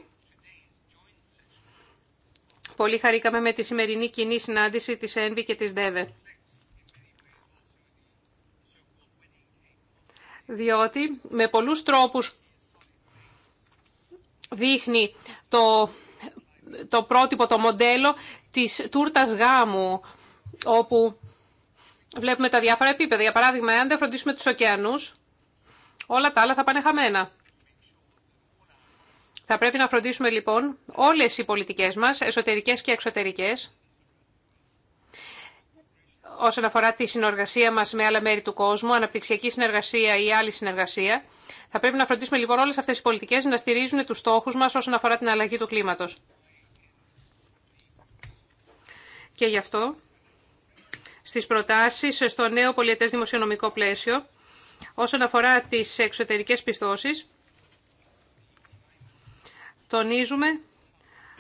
[SPEAKER 1] Πολύ χαρήκαμε με τη σημερινή κοινή συνάντηση της ΕΝΒΗ και της ΔΕΒΕ. Διότι με πολλούς τρόπους δείχνει το το πρότυπο, το μοντέλο της τούρτας γάμου, όπου βλέπουμε τα διάφορα επίπεδα. Για παράδειγμα, αν δεν φροντίσουμε τους ωκεανούς, όλα τα άλλα θα πάνε χαμένα. Θα πρέπει να φροντίσουμε λοιπόν όλες οι πολιτικές μας, εσωτερικές και εξωτερικές, όσον αφορά τη συνεργασία μας με άλλα μέρη του κόσμου, αναπτυξιακή συνεργασία ή άλλη συνεργασία. Θα πρέπει να φροντίσουμε λοιπόν όλες αυτές οι πολιτικές να στηρίζουν τους στόχους μας όσον αφορά την αλλαγή του κλίματος. Και γι' αυτό στις προτάσεις στο νέο πολιετές δημοσιονομικό πλαίσιο όσον αφορά τις εξωτερικές πιστώσεις τονίζουμε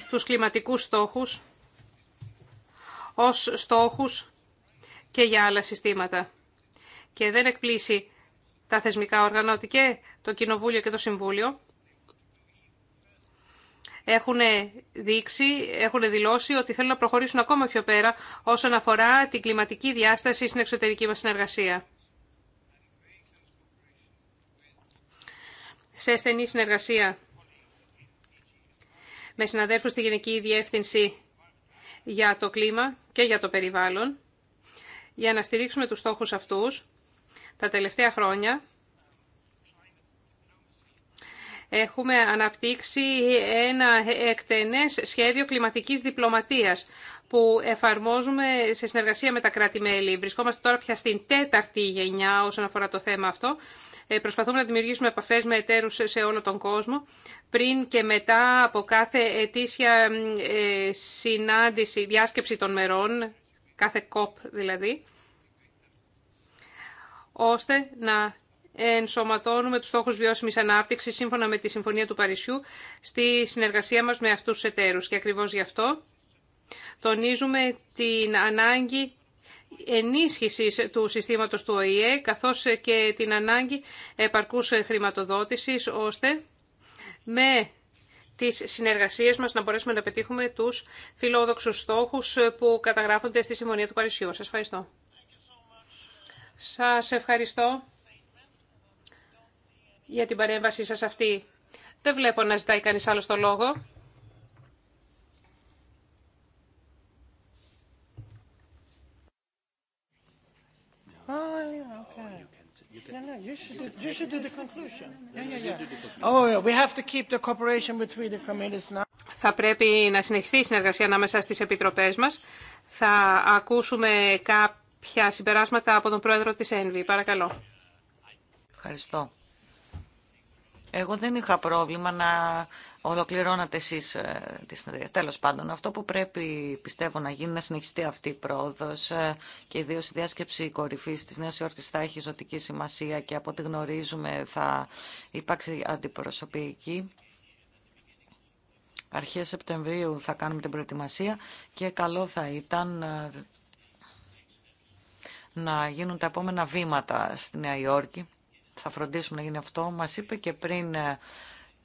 [SPEAKER 1] τους κλιματικούς στόχους ως στόχους και για άλλα συστήματα. Και δεν εκπλήσει τα θεσμικά όργανα ότι και το Κοινοβούλιο και το Συμβούλιο έχουν δείξει, έχουν δηλώσει ότι θέλουν να προχωρήσουν ακόμα πιο πέρα όσον αφορά την κλιματική διάσταση στην εξωτερική μας συνεργασία. Σε στενή συνεργασία με συναδέλφους στη Γενική Διεύθυνση για το κλίμα και για το περιβάλλον, για να στηρίξουμε τους στόχους αυτούς, τα τελευταία χρόνια έχουμε αναπτύξει ένα εκτενές σχέδιο κλιματικής διπλωματίας που εφαρμόζουμε σε συνεργασία με τα κράτη-μέλη. Βρισκόμαστε τώρα πια στην τέταρτη γενιά όσον αφορά το θέμα αυτό. Ε, προσπαθούμε να δημιουργήσουμε επαφές με εταίρους σε όλο τον κόσμο πριν και μετά από κάθε ετήσια ε, συνάντηση, διάσκεψη των μερών, κάθε COP δηλαδή, ώστε να ενσωματώνουμε τους στόχους βιώσιμης ανάπτυξης σύμφωνα με τη Συμφωνία του Παρισιού στη συνεργασία μας με αυτούς τους εταίρους. Και ακριβώς γι' αυτό τονίζουμε την ανάγκη ενίσχυσης του συστήματος του ΟΗΕ καθώς και την ανάγκη επαρκούς χρηματοδότησης ώστε με τις συνεργασίες μας να μπορέσουμε να πετύχουμε τους φιλόδοξους στόχους που καταγράφονται στη Συμφωνία του Παρισιού. Σας ευχαριστώ. Σας ευχαριστώ για την παρέμβασή σας αυτή. Δεν βλέπω να ζητάει κανείς άλλο το λόγο. Θα πρέπει να συνεχιστεί η συνεργασία ανάμεσα στις επιτροπές μας. Θα ακούσουμε κάποια συμπεράσματα από τον πρόεδρο της ΕΝΒΗ. Παρακαλώ.
[SPEAKER 2] Ευχαριστώ. Εγώ δεν είχα πρόβλημα να ολοκληρώνατε εσείς ε, τη συνεδρία. Τέλος πάντων, αυτό που πρέπει πιστεύω να γίνει, να συνεχιστεί αυτή η πρόοδος ε, και ιδίω η διάσκεψη κορυφή τη Νέα Υόρκη θα έχει ζωτική σημασία και από ό,τι γνωρίζουμε θα υπάρξει αντιπροσωπική. Αρχές Σεπτεμβρίου θα κάνουμε την προετοιμασία και καλό θα ήταν ε, να γίνουν τα επόμενα βήματα στη Νέα Υόρκη θα φροντίσουμε να γίνει αυτό. Μας είπε και πριν ε,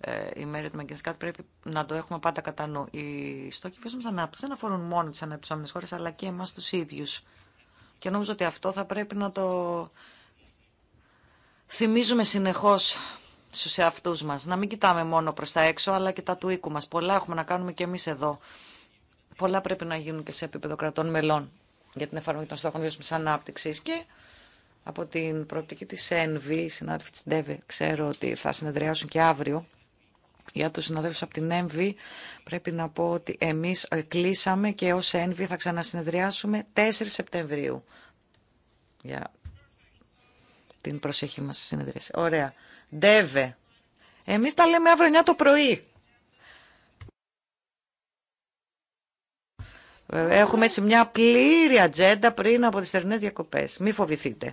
[SPEAKER 2] ε, η μέρη του Μαγκενσκάτ πρέπει να το έχουμε πάντα κατά νου. Οι στόχοι βιώσιμη ανάπτυξη δεν αφορούν μόνο τι αναπτυσσόμενε χώρε, αλλά και εμά του ίδιου. Και νομίζω ότι αυτό θα πρέπει να το θυμίζουμε συνεχώ στου εαυτού μα. Να μην κοιτάμε μόνο προ τα έξω, αλλά και τα του οίκου μα. Πολλά έχουμε να κάνουμε και εμεί εδώ. Πολλά πρέπει να γίνουν και σε επίπεδο κρατών μελών για την εφαρμογή των στόχων βιώσιμη ανάπτυξη. Και από την προοπτική της ΕΝΒΗ, οι συνάδελφοι της ΝΤΕΒΕ, ξέρω ότι θα συνεδριάσουν και αύριο. Για τους συναδέλφους από την ΕΝΒΗ πρέπει να πω ότι εμείς ε, κλείσαμε και ως ΕΝΒΗ θα ξανασυνεδριάσουμε 4 Σεπτεμβρίου για την προσεχή μας συνεδρίαση. Ωραία. ΝΤΕΒΕ. Εμείς τα λέμε αύριο 9 το πρωί. Ε, έχουμε έτσι μια πλήρη ατζέντα πριν από τις θερινές διακοπές. Μη φοβηθείτε.